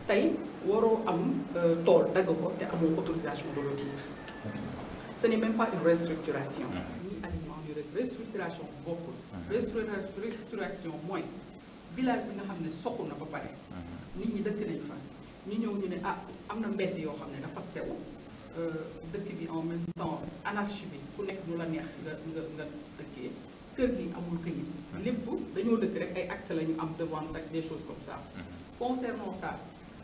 [SPEAKER 5] tay waro am euh, tol dagg ko te amoo autorisation de lotir ce n'est même pas une restructuration mm-hmm. ni aliment yu rek restructuration beaucoup, mm-hmm. restructuration moins. village bi nga xamné soxuna ba paré mm-hmm. nit ñi dëkk nañ fa ñu ñëw ñu né ah amna na yo xamné xam ne dafa sew euh, dëkk bi en même temps anarchie ku nekk ñu la neex nga nga nga dëkkee kër gi amul këyit lépp dañoo dëkk rek ay acte la ñu am de vente ak des choses comme ça concernant ça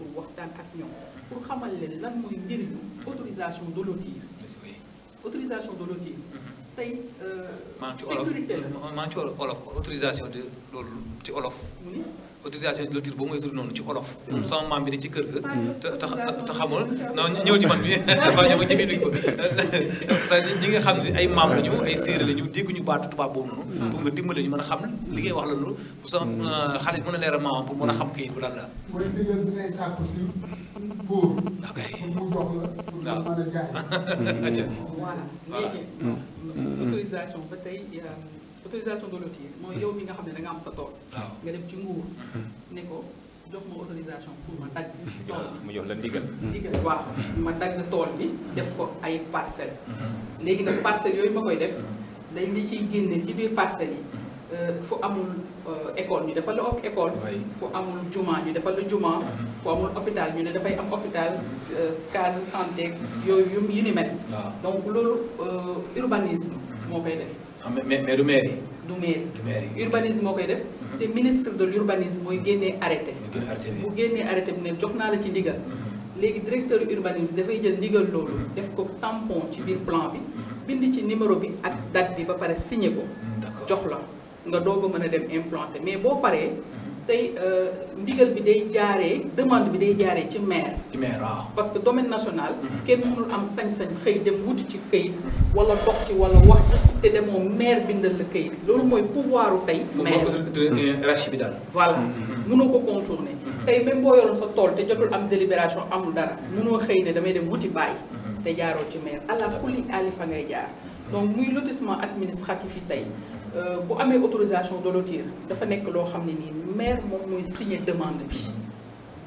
[SPEAKER 5] pour waxtaan ak ñoom pour xamal leen lan mooy njëriñu autorisation de lotir autorisation de
[SPEAKER 2] lotir mm-hmm. tey. Euh, sécurité la maa ngi ci olof olof autorisation de loolu ci olof. autorisation de lotir boobu mooy tur noonu ci olof. Hmm. sama maam bi de ci kër ga. Ah, te te te xamul non ñëw ci man bi [laughs] dafa ñëw ci biir ko [laughs] ñi nga xam ne ay maam lañu ay séeréer lañu ñu baatu tubaab boobu noonu. Hmm. pour nga dimbale ñu mën a xam li ngay wax la loolu bu sama xale mën a leeral maamam pour mën a xam hmm. kii bu lan la.
[SPEAKER 3] mooy ndigal bi ngay sàkku si
[SPEAKER 5] pour.
[SPEAKER 1] ok pour
[SPEAKER 3] mu jox a
[SPEAKER 5] jaay. [laughs] voilà autorisation ba tey euh, autorisation de lotir mooy yow mi nga xam ne da am sa tool. nga dem ci nguur. Mhm. ne ko jox ma autorisation pour ma dagg tool bi. mu jox la ndigal. Mm-hmm. ndigal waaw mhm. ma dagg tool bi def ko ay parcelles. Mhm. léegi nag parcelles yooyu ma koy def. dañ li ciy génne ci biir parcelles yi. Euh, fu amul euh, école ñu dafa la école. fu amul juma ñu defal la juma. Mhm. fu amul hôpital ñu ne dafay am hôpital. Mhm. Euh, case santé mhm. yooyu yu yu ni mel. donc loolu urbanisme moo koy def. Ah, mais mais du mairie. du mairie urbanisme moo koy def. te ministre de l' urbanisme mooy génnee arrêté. bu génnee arrêté bu ne jox naa la ci diggal léegi directeur urbanisme dafay jël ndigal loolu. def ko tampon ci biir plan bi. bind ci numéro bi ak date bi ba pare signé ko. la. nga doog a mën a dem implanter mais boo paree. tey euh, ndigal bi day jaaree demande bi day jaaree ci maire. ci waaw parce que domaine national. Mhm. kenn mënul am sañ-sañ xëy dem wuti ci këyit. wala dox ci wala wax te demoo maire bindal la këyit loolu mooy pouvoiru tey. maire
[SPEAKER 2] mhm. euh, bi daal. voilà mhm.
[SPEAKER 5] mënoo ko contourner. tey même boo yoroon sa tool te jotul am délibération amul dara. mënoo xëy ne damay dem wuti bàyyi. te jaaroo ci maire allah kulli alifa ngay jaar. donc muy lotissement administratif yi tey. Euh, bu amé autorisation de lotir dafa nek lo xam ni maire mom moy signer demande bi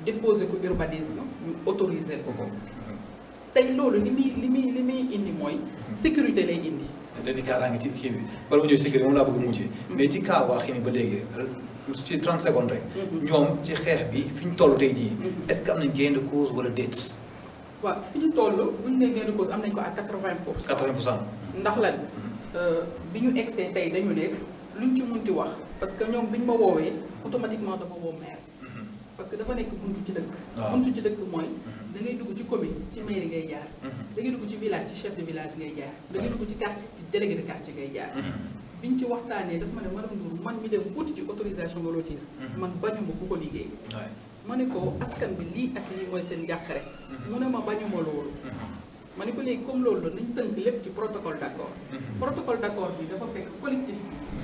[SPEAKER 5] déposer ko urbanisme ñu autoriser ko ko tey loolu li muy li li indi moy sécurité lay indi.
[SPEAKER 2] léegi kaaraange ci kii bi bala ma sécurité moom la bëgg a mm-hmm. mais ci kaa waa ni ba léegi ci 30 secondes rek. Mm-hmm. ñoom ci xeex bi fiñ ñu tay tey mm-hmm. est ce que am nañ gain de cause wala déet.
[SPEAKER 5] wa fiñ ñu toll bu gain de cause am nañ ko à 80 80 ndax lan. Euh, biñu exé tay dañu nek luñ ci munti parce que nous automatiquement dama maire mhm. parce que dafa nek buntu ci dëkk ah. buntu ci dëkk mhm. ci commune ci mairie ngay jaar mhm. da ci village ci chef de village ngay jaar da ngay quartier ci délégué de quartier ngay jaar biñ ci man mi autorisation de man ku ko ne ko askan bi lii ma comme loolu la teunk tënk ci protocole d'accord mhm. protocole d'accord accord bi dafa fekk collectif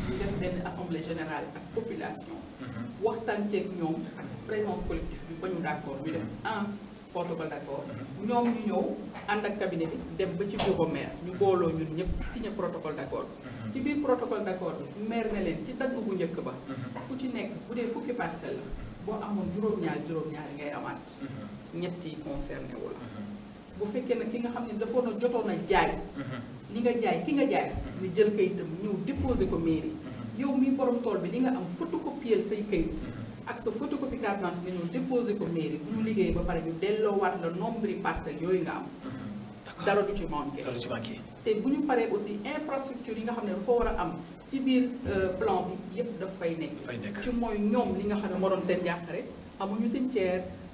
[SPEAKER 5] bi def ben assemblée générale ak population mhm. waxtaan ceeg ñoom ak présence collectif bi bañu d'accord d' def mhm. un protocole d'accord ñom ñu ñëw and ak cabinet bi dem ba ci bureau maire ñu bolo ñun ñëpp signer protocole d'accord ci biir protocole d' accord bi maire ne leen ci dagg bu njëkk ba ku ci nekk bu dee fukki parcelle la boo amoon juróom-ñaari juróom-ñaari ngay amaat ñett yi concerné wu la bu fekkee nag ki nga xam ne dafa jotoon a jaay li mhm. nga jaay ki nga jaay mhm. ñu jël kayitam ñëw déposé ko mairie mhm. yow mi borom tool bi li nga am photocopier say kayit ak sa photocopie carte d'identité nga déposé ko mairie ñu liggéeyee ba pare ñu delloowaat la nombre parcelles yooyu nga am dara du ci manqué dara du te bu ñu paree aussi infrastructure yi nga xam ne dafa war a am ci biir euh, plan bi yépp daf fay nekk ci mooy ñoom li nga xam ne moo doon seen njàqare amuñu seen ceer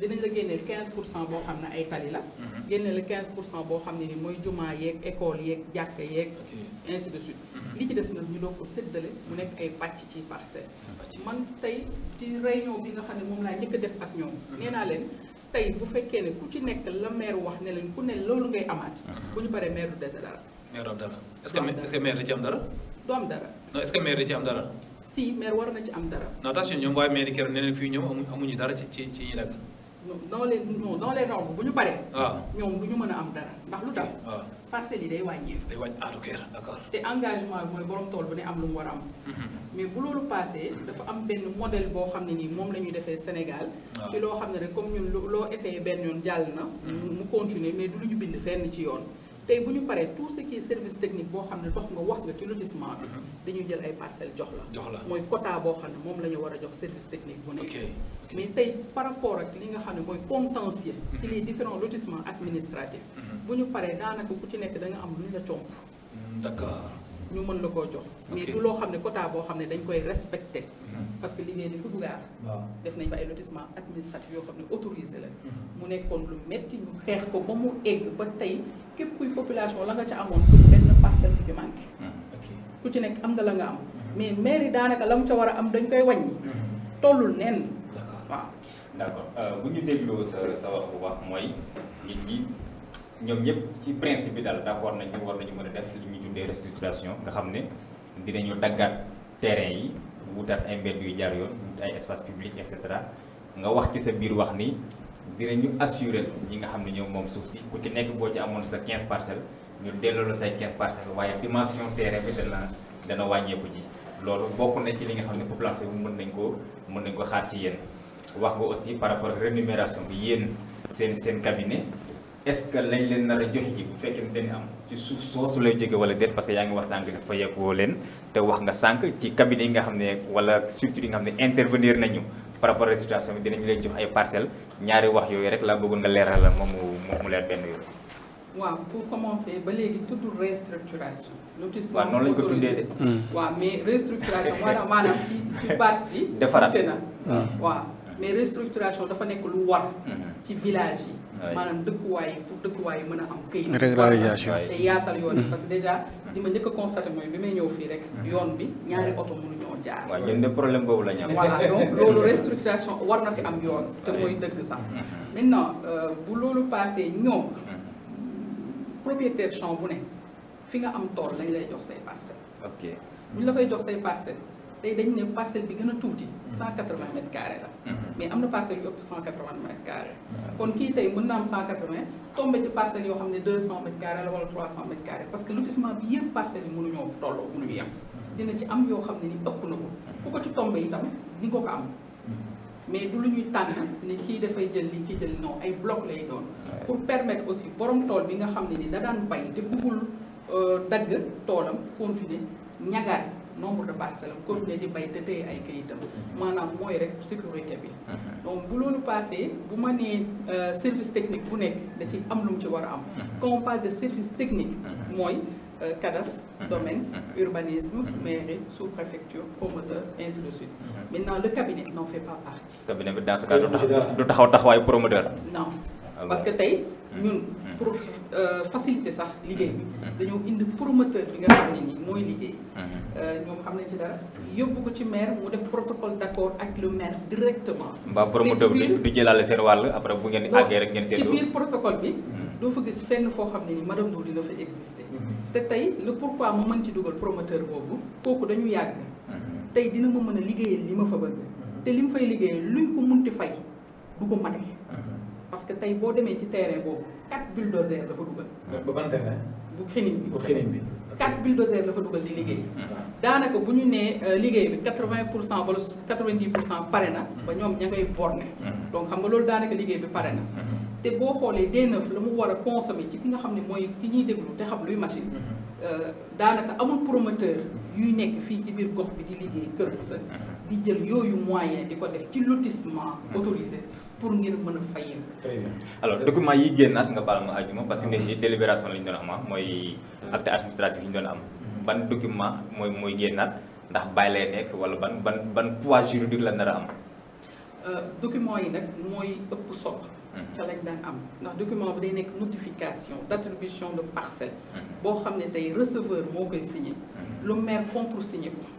[SPEAKER 5] dinañ la génneel quinze pour cent boo xam ne ay tali la. Mhm. génneel la 15 pour cent boo xam ne ni mooy jumaa yeeg école yeeg jàkka yeeg. ainsi de suite. Mhm. li ci des nag ñu doog ko séddale mu nekk ay pacc ci parcelle. Mhm. man tey ci réunion bi nga xam ne moom laa njëkk def ak ñoom. nee naa leen tey bu fekkee ne ku ci nekk la maire wax ne leen ku ne loolu ngay amaat. bu ñu paree maire du dese dara.
[SPEAKER 2] maire du am dara est-ce que est-ce que maire da ci am dara. du am dara. non est-ce que da ci am dara.
[SPEAKER 5] si maire war na ci am dara.
[SPEAKER 2] non attention ñoom waaye maire yi ñoom amuñu dara ci ci ci ñi
[SPEAKER 5] dans les non dans les normes buñu ñu paree. waaw ah. ñoom du ñu am dara ndax lu tax. waaw ah. parcelles day wàññeeku. day wàññi ah d'accord. té engagement moy borom tool bu ne am lu mu war am. Mhm. mais bu loolu passé dafa am benn modèle bo xamné ni mom lañuy défé Sénégal. Ah. ci lo xamné rek comme ñun lo essayé benn ñun jall na. Mhm. mu continuer mais duñu lu bind fenn ci yoon. tey bu ñu paree tout ce service technique boo xam ne dox nga wax nga ci lotissement bi mhm. dañuy jël ay parcelle jox la mooy quota boo xam ne moom la ñu war a jox service technique bu nekk mais tey par rapport ak li nga xam ne mooy contentieux ci mhm. les différents lotissements administratifs mhm. bu ñu paree daanaka ku ci nekk da nga am lu ñu la comp ñu mën la koo jox. mais du loo xam ne quota boo xam ne dañ koy respecté. Mhm. parce que li ngeen di waaw def nañ fa ay lotissement administratif yoo xam ne autorisé la. Mhm. mu nekkoon lu metti ñu xeex ko ba mu egg ba tey képp kuy population la nga ca amoon pour benn parcelle bu mhm. ku ci nekk am nga la nga am. mais maire yi daanaka la mu ca war a am dañ koy wañ tollul nen. d'accord waaw.
[SPEAKER 3] d'accord euh, bu ñu dégloo sa sa wax bu baax mooy nit ñi ñoom ñëpp ci principe bi daal d'accord nañ ñu war nañu mën a des restructurations nga xam ne dinañu daggaat terrain yi wutaat ay mbedd yu jaar yoon wut ay espace public et cetera nga wax ci sa biir wax ni dinañu assurer ñi nga xam ñoom moom suuf si ku ci nekk boo ci amoon sa 15 parcelles ñu delloo la say 15 parcelles waaye dimension terrain bi dana dana wàññeeku ji loolu bokk na ci li nga xam population mën nañ ko mën nañ ko xaar ci wax aussi par rapport rémunération bi cabinet est-ce que lañ leen nar a joxe ji bu fekkee ne dañu am ci suuf soosu lay jege wala déet parce que yaa ngi wax sànq ne fa yeggoo leen te wax nga sànq ci cabinet yi nga xam ne wala structure yi nga xam ne intervenir nañu par rapport à situation bi dinañu leen jox ay parcelles ñaari wax yooyu rek laa bëggoon nga leeral la moom mu mu leer benn yoon.
[SPEAKER 5] waaw pour commencer ba léegi tuddul restructuration. lotissement waaw noonu lañ ko tuddee de. Hmm. mais restructuration maanaam [laughs] hmm. dafa nekk lu war. Hmm. ci village yi. manam dëkkuwaay yi pour dëkkuwaay yi am këyit régularisation te yaatal yoon mm. parce que déjà li ma njëkk a constaté mooy bi may ñëw fi rek mm. yoon bi ñaari auto mënu ñoo jaar wa ñun né problème bobu la ñu voilà donc lolu [laughs] restructuration war na fi am yoon te moy dëgg sax mm-hmm. maintenant euh, bu lolu passé ñoom mm-hmm. propriétaire champ bu né fi nga am tor lañ lay jox say parcelle ok ñu la fay jox say parcelle tey dañu ne parcelle bi gën a tuuti 180 mètres carrés la mhm. mais am na parcelle yu ëpp 180 mètres carrés kon kii tey mun naa am 180 tombé ci parcelle yoo xam ne 200 mètres carrés la wala 300 mètres carrés parce que lotissement bi yëpp parcelles yi mënuñoo tolloo mënuñu yem mhm. dina ci am yoo xam ne ni ëpp na ko mhm. ku ko ci tombé itam ni nga ko am mais du lu ñuy tànn ni kii dafay jël li kii jël non ay bloc lay doon pour permettre aussi borom tool bi nga xam ne ni da daan bay te bëggul euh, dagg toolam continuer ñagaat nombre de parcelles comme les mm-hmm. di bay suis en ay këyitam mm-hmm. maanaam mooy sécurité bi mm-hmm. donc bu vous c'est, bu on euh, service technique bu nek, da ci am quand on parle de service technique mooy euh, cadastre domaine urbanisme mairie sous-préfecture promoteur ainsi de suite maintenant le cabinet n'en fait pas partie
[SPEAKER 3] Le cabinet dans ce cas du taxaw taxawaayu promoteur non
[SPEAKER 5] parce que tey ñun hmm. pour euh, faciliter sax liggéey bi hmm. dañoo indi promoteur bi nga xam ne nii mooy liggéey hmm. euh, ñoom xam nañ ci daal yóbbu ko ci maire mu def protocole d' accord ak le maire directement mbaa promoteur bi
[SPEAKER 3] du jëlaale seen wàll après bu ngeen àggee rek ngeen seen ci biir
[SPEAKER 5] protocole bi doo fa gis fenn foo xam ne ni madame Ndour dina fa exister te tey le pourquoi ma mën ci dugal promoteur boobu kooku dañu yàgg tey dina ma mën a liggéeyal li ma fa bëgg te li mu fay liggéeyal luñ ko munti fay du ko mate parce que tey boo demee ci terrain boobu quatre bulldozer dafa dugal.
[SPEAKER 2] Euh, ba ban terrain.
[SPEAKER 5] bu xinin bi bu xinin bi. quatre bulldozer dafa dugal di liggéey. Hmm. danaka buñu né nee euh, liggéey bi 80% ba 90% cent na. ba ñom ña ngay borne. Hmm. donc xam nga lool danaka liggéey bi pare na. Hmm. te boo xoolee D9 la mu war consommer ci ki nga xamné moy mooy ki ñuy déglu té xam luy machine. euh danaka amul promoteur yuy nekk fii ci biir gox bi di liggéey Kër Moussa. di jël yooyu moyen di ko def ci lotissement autorisé. pour ngeen mën a fay. très bien
[SPEAKER 3] alors document yi génnaat nga baal ma ajuma parce que léegi délibération la ñu doon am ah mooy acte administratif yi ñu doon am. Hmm. ban document mooy mooy génnaat ndax bàyyi lay nekk eh, wala ban ban ban poids juridique la nar a am.
[SPEAKER 5] Eh, document yi nag mooy ëpp solo. ca hmm. lañ daan am ndax document bi day nekk notification d' attribution de parcelle. Hmm. boo xam ne tey receveur moo koy signé. le maire contre signé ko.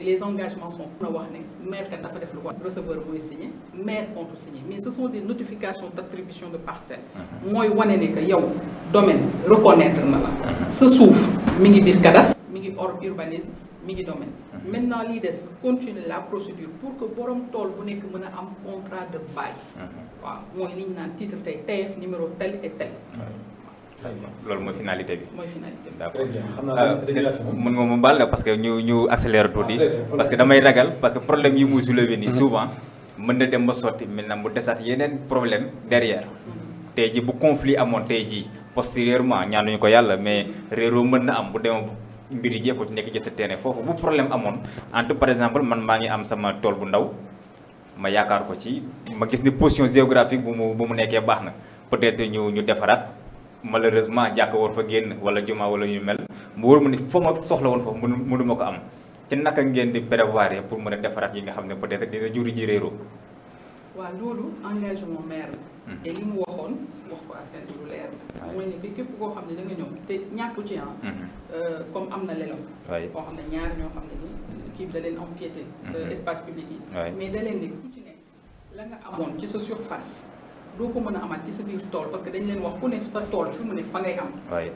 [SPEAKER 5] les engagements sont na wax ne maire kat le def lu recevoir receveur signé maire contre signé mais ce sont des notifications d'attribution de parcelles uh-huh. mooy wane ne que yow domaine reconnaître ce souffle, uh-huh. sa suuf mi ngi biir cadastre or urbanisme mi domaine uh-huh. maintenant lii continue continuer la procédure pour que borom tol bu nekk mën am contrat de bail moi mooy li ñu titre TF numéro tel et tel
[SPEAKER 3] loolu mooy finalité bi. mooy finalité euh, nga ma baal la parce que ñu ñu accélère ah, tuuti. parce que damay ragal parce que problème yi muy soulevé nii mhm. souvent mën na dem ba sotti na mu desaat yeneen problème derrière. Mhm. tey ji bu conflit amoon tey ji postérieurement ñaanuñu ko yàlla mais réeroo mën na am bu demee mbir yi jeexu ci nekk ci sa terrain foofu bu problème amoon entre par exemple man maa ngi am sama tool bu ndaw ma yaakaar ko ci ma gis ni position géographique bu mu bu mu nekkee baax na peut-être ñu ñu defaraat. malheureusement jàkk war fa génn wala juma wala yu mel mu wóor ma ni fa ma soxla woon foofu mënu mënu ma ko am ci naka ngeen di prévoir pour mën a defaraat yi nga xam ne peut-être dina juri ji réeroo.
[SPEAKER 5] waaw loolu engagement maire la. Hmm. te li mu waxoon wax ko askan bi lu leer la. mooy ne képp koo xam ne da ñëw te ñàkku ci ah. Hmm. Euh, comme am na lelam. waay koo xam ne ñaar ñoo xam ne nii kii bi da leen hmm. euh, espace public yi. mais da leen ku ci nekk la sa doo ko mën a amaat ci sa tool parce que dañ leen wax ku ne sa tool fi mu ne fa ngay am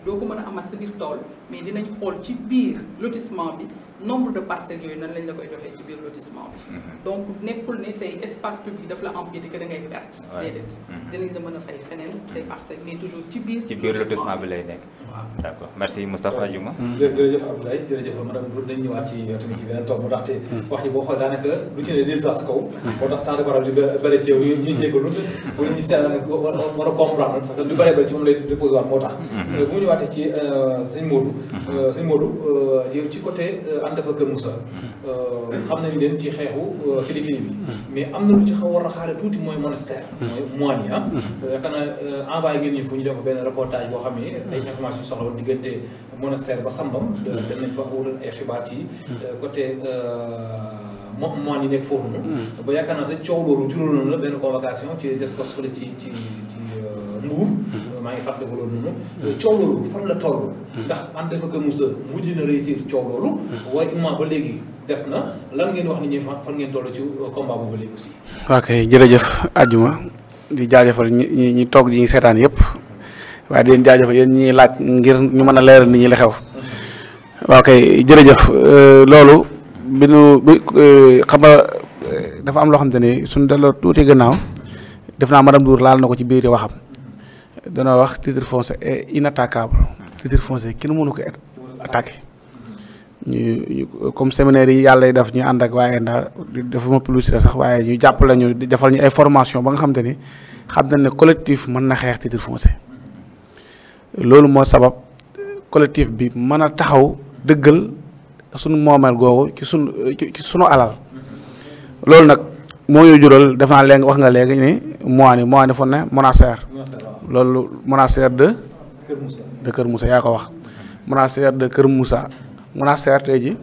[SPEAKER 5] doo ko mën a amaat sa biir tool mais dinañ xool ci biir lotissement bi nombre de parcelles yooyu nan lañ la koy joxee ci biir lotissement bi. Mhm. donc nekkul ne tey espace public dafa la empiété que da ngay perte. déedéet mhm. dinañ la mën a fay feneen mhm. say parcelles mais toujours ci biir. ci biir lotissement
[SPEAKER 3] bi lay nekk. waaw d' accord merci Moustapha
[SPEAKER 2] Diouma. Mm. jërëjëf Abdoulaye jërëjëf madame Ndour dañu ñëwaat ci tamit ci beneen toog moo tax te mm. wax ji boo xoolee daanaka lu ci ne lii sax kaw. Mm. moo tax temps de parole di bëri ci yow yi ñuy jégalu pour ñu seetla nag war a comprendre parce que lu bëree bëri ci moom lay déposé waat moo tax. Mm-hmm. Euh, bu ñu ñëwaatee ci euh, sëñ Modou. Mm-hmm. Euh, sëñ Modou yow ci côté عندها في كرموسا آه، خمنا اللي انت خيهو تليفيني آه، بي مي امنا هناك تخيهو ورخ على توتي موي مونستير مواني آه، كان عان باي جيني فوني دونك maa ngi fàttaliku loolu noonu. Euh, coow loolu fan la toll. Hmm. ndax ànd dafa ko Moussa mujj na réussir coow loolu. Hmm. waaye imma ba léegi des ngeen wax
[SPEAKER 4] ci euh, jërëjëf Adjuma di jaajëfal ñi ñi toog ñi seetaan yëpp waaye di leen jaajëfal yéen ñiy laaj ngir ñu mën a leeral nit ñi la xew. waaw kay jërëjëf euh, loolu bi nu bi xam nga dafa am loo xamante ni suñu delloo tuuti gannaaw def naa madame duur laal na ko ci biir waxam. danoo wax titre foncier est inattaquable titre foncier kenn mënu ko attaqué comme séminaire yi yàlla def ñu ànd ak waaye ndax ma publicité sax waaye ñu jàppale ñu defal ñu ay formation ba nga xam te ni xam ne collectif mën na xeex titre foncier loolu moo sabab collectif bi mën a taxaw dëggal sunu moomeel googu ci sunu sunu alal loolu nag moo ñu jural def naa léegi wax nga léegi ni moine moine fu ne monastère loolu monastère de. Kër Moussa de Kër Moussa yaa ko wax. monastère de Kër Moussa monastère tey ji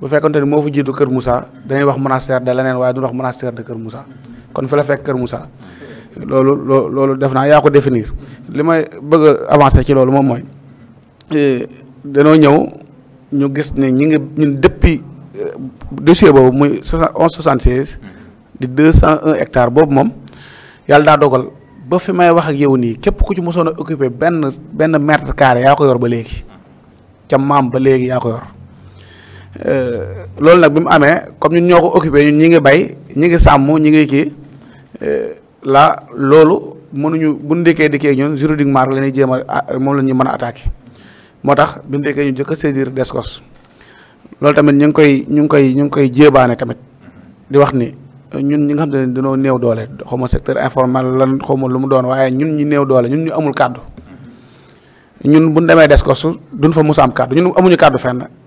[SPEAKER 4] bu fekkonte ni moo fa jiitu Kër Moussa dañuy wax monastère de leneen waaye du wax monastère de Kër Moussa kon fi la fekk Kër Moussa loolu loo loolu def naa yaa ko définir li may bëgg a avancer ci loolu moom mooy eh, danoo ñëw ñu gis ne ñu ngi ñun depuis eh, dossier boobu muy onze soixante seize di deux cent un hectares boobu moom yàlla daa dogal ba fi may wax ak yow nii képp ku ci mosoon a occupé benn benn mètre carré yaa ko yor ba léegi ca maam ba léegi yaa ko yor euh, loolu nag bi mu amee comme ñun ñoo ko occupé ñun ñi ngi bay ñi ngi sàmm ñi ngi kii euh, la loolu mënuñu bu ñu dikkee dikkee ñun juridiquement la ñuy jéem a moom la ñuy mën a attaqué moo tax bi ñu dikkee ñu jëkk a saisir loolu tamit ñu ngi koy ñu ngi koy ñu ngi koy jéebaane tamit di wax ni. ñun ñi nga xam ne dañoo néew doole xaw ma secteur informal lan xaw ma lu mu doon waaye ñun ñu néew doole ñun ñu amul kàddu ñun bu ñu demee des ko su duñ fa mus am kàddu ñun amuñu kàddu fenn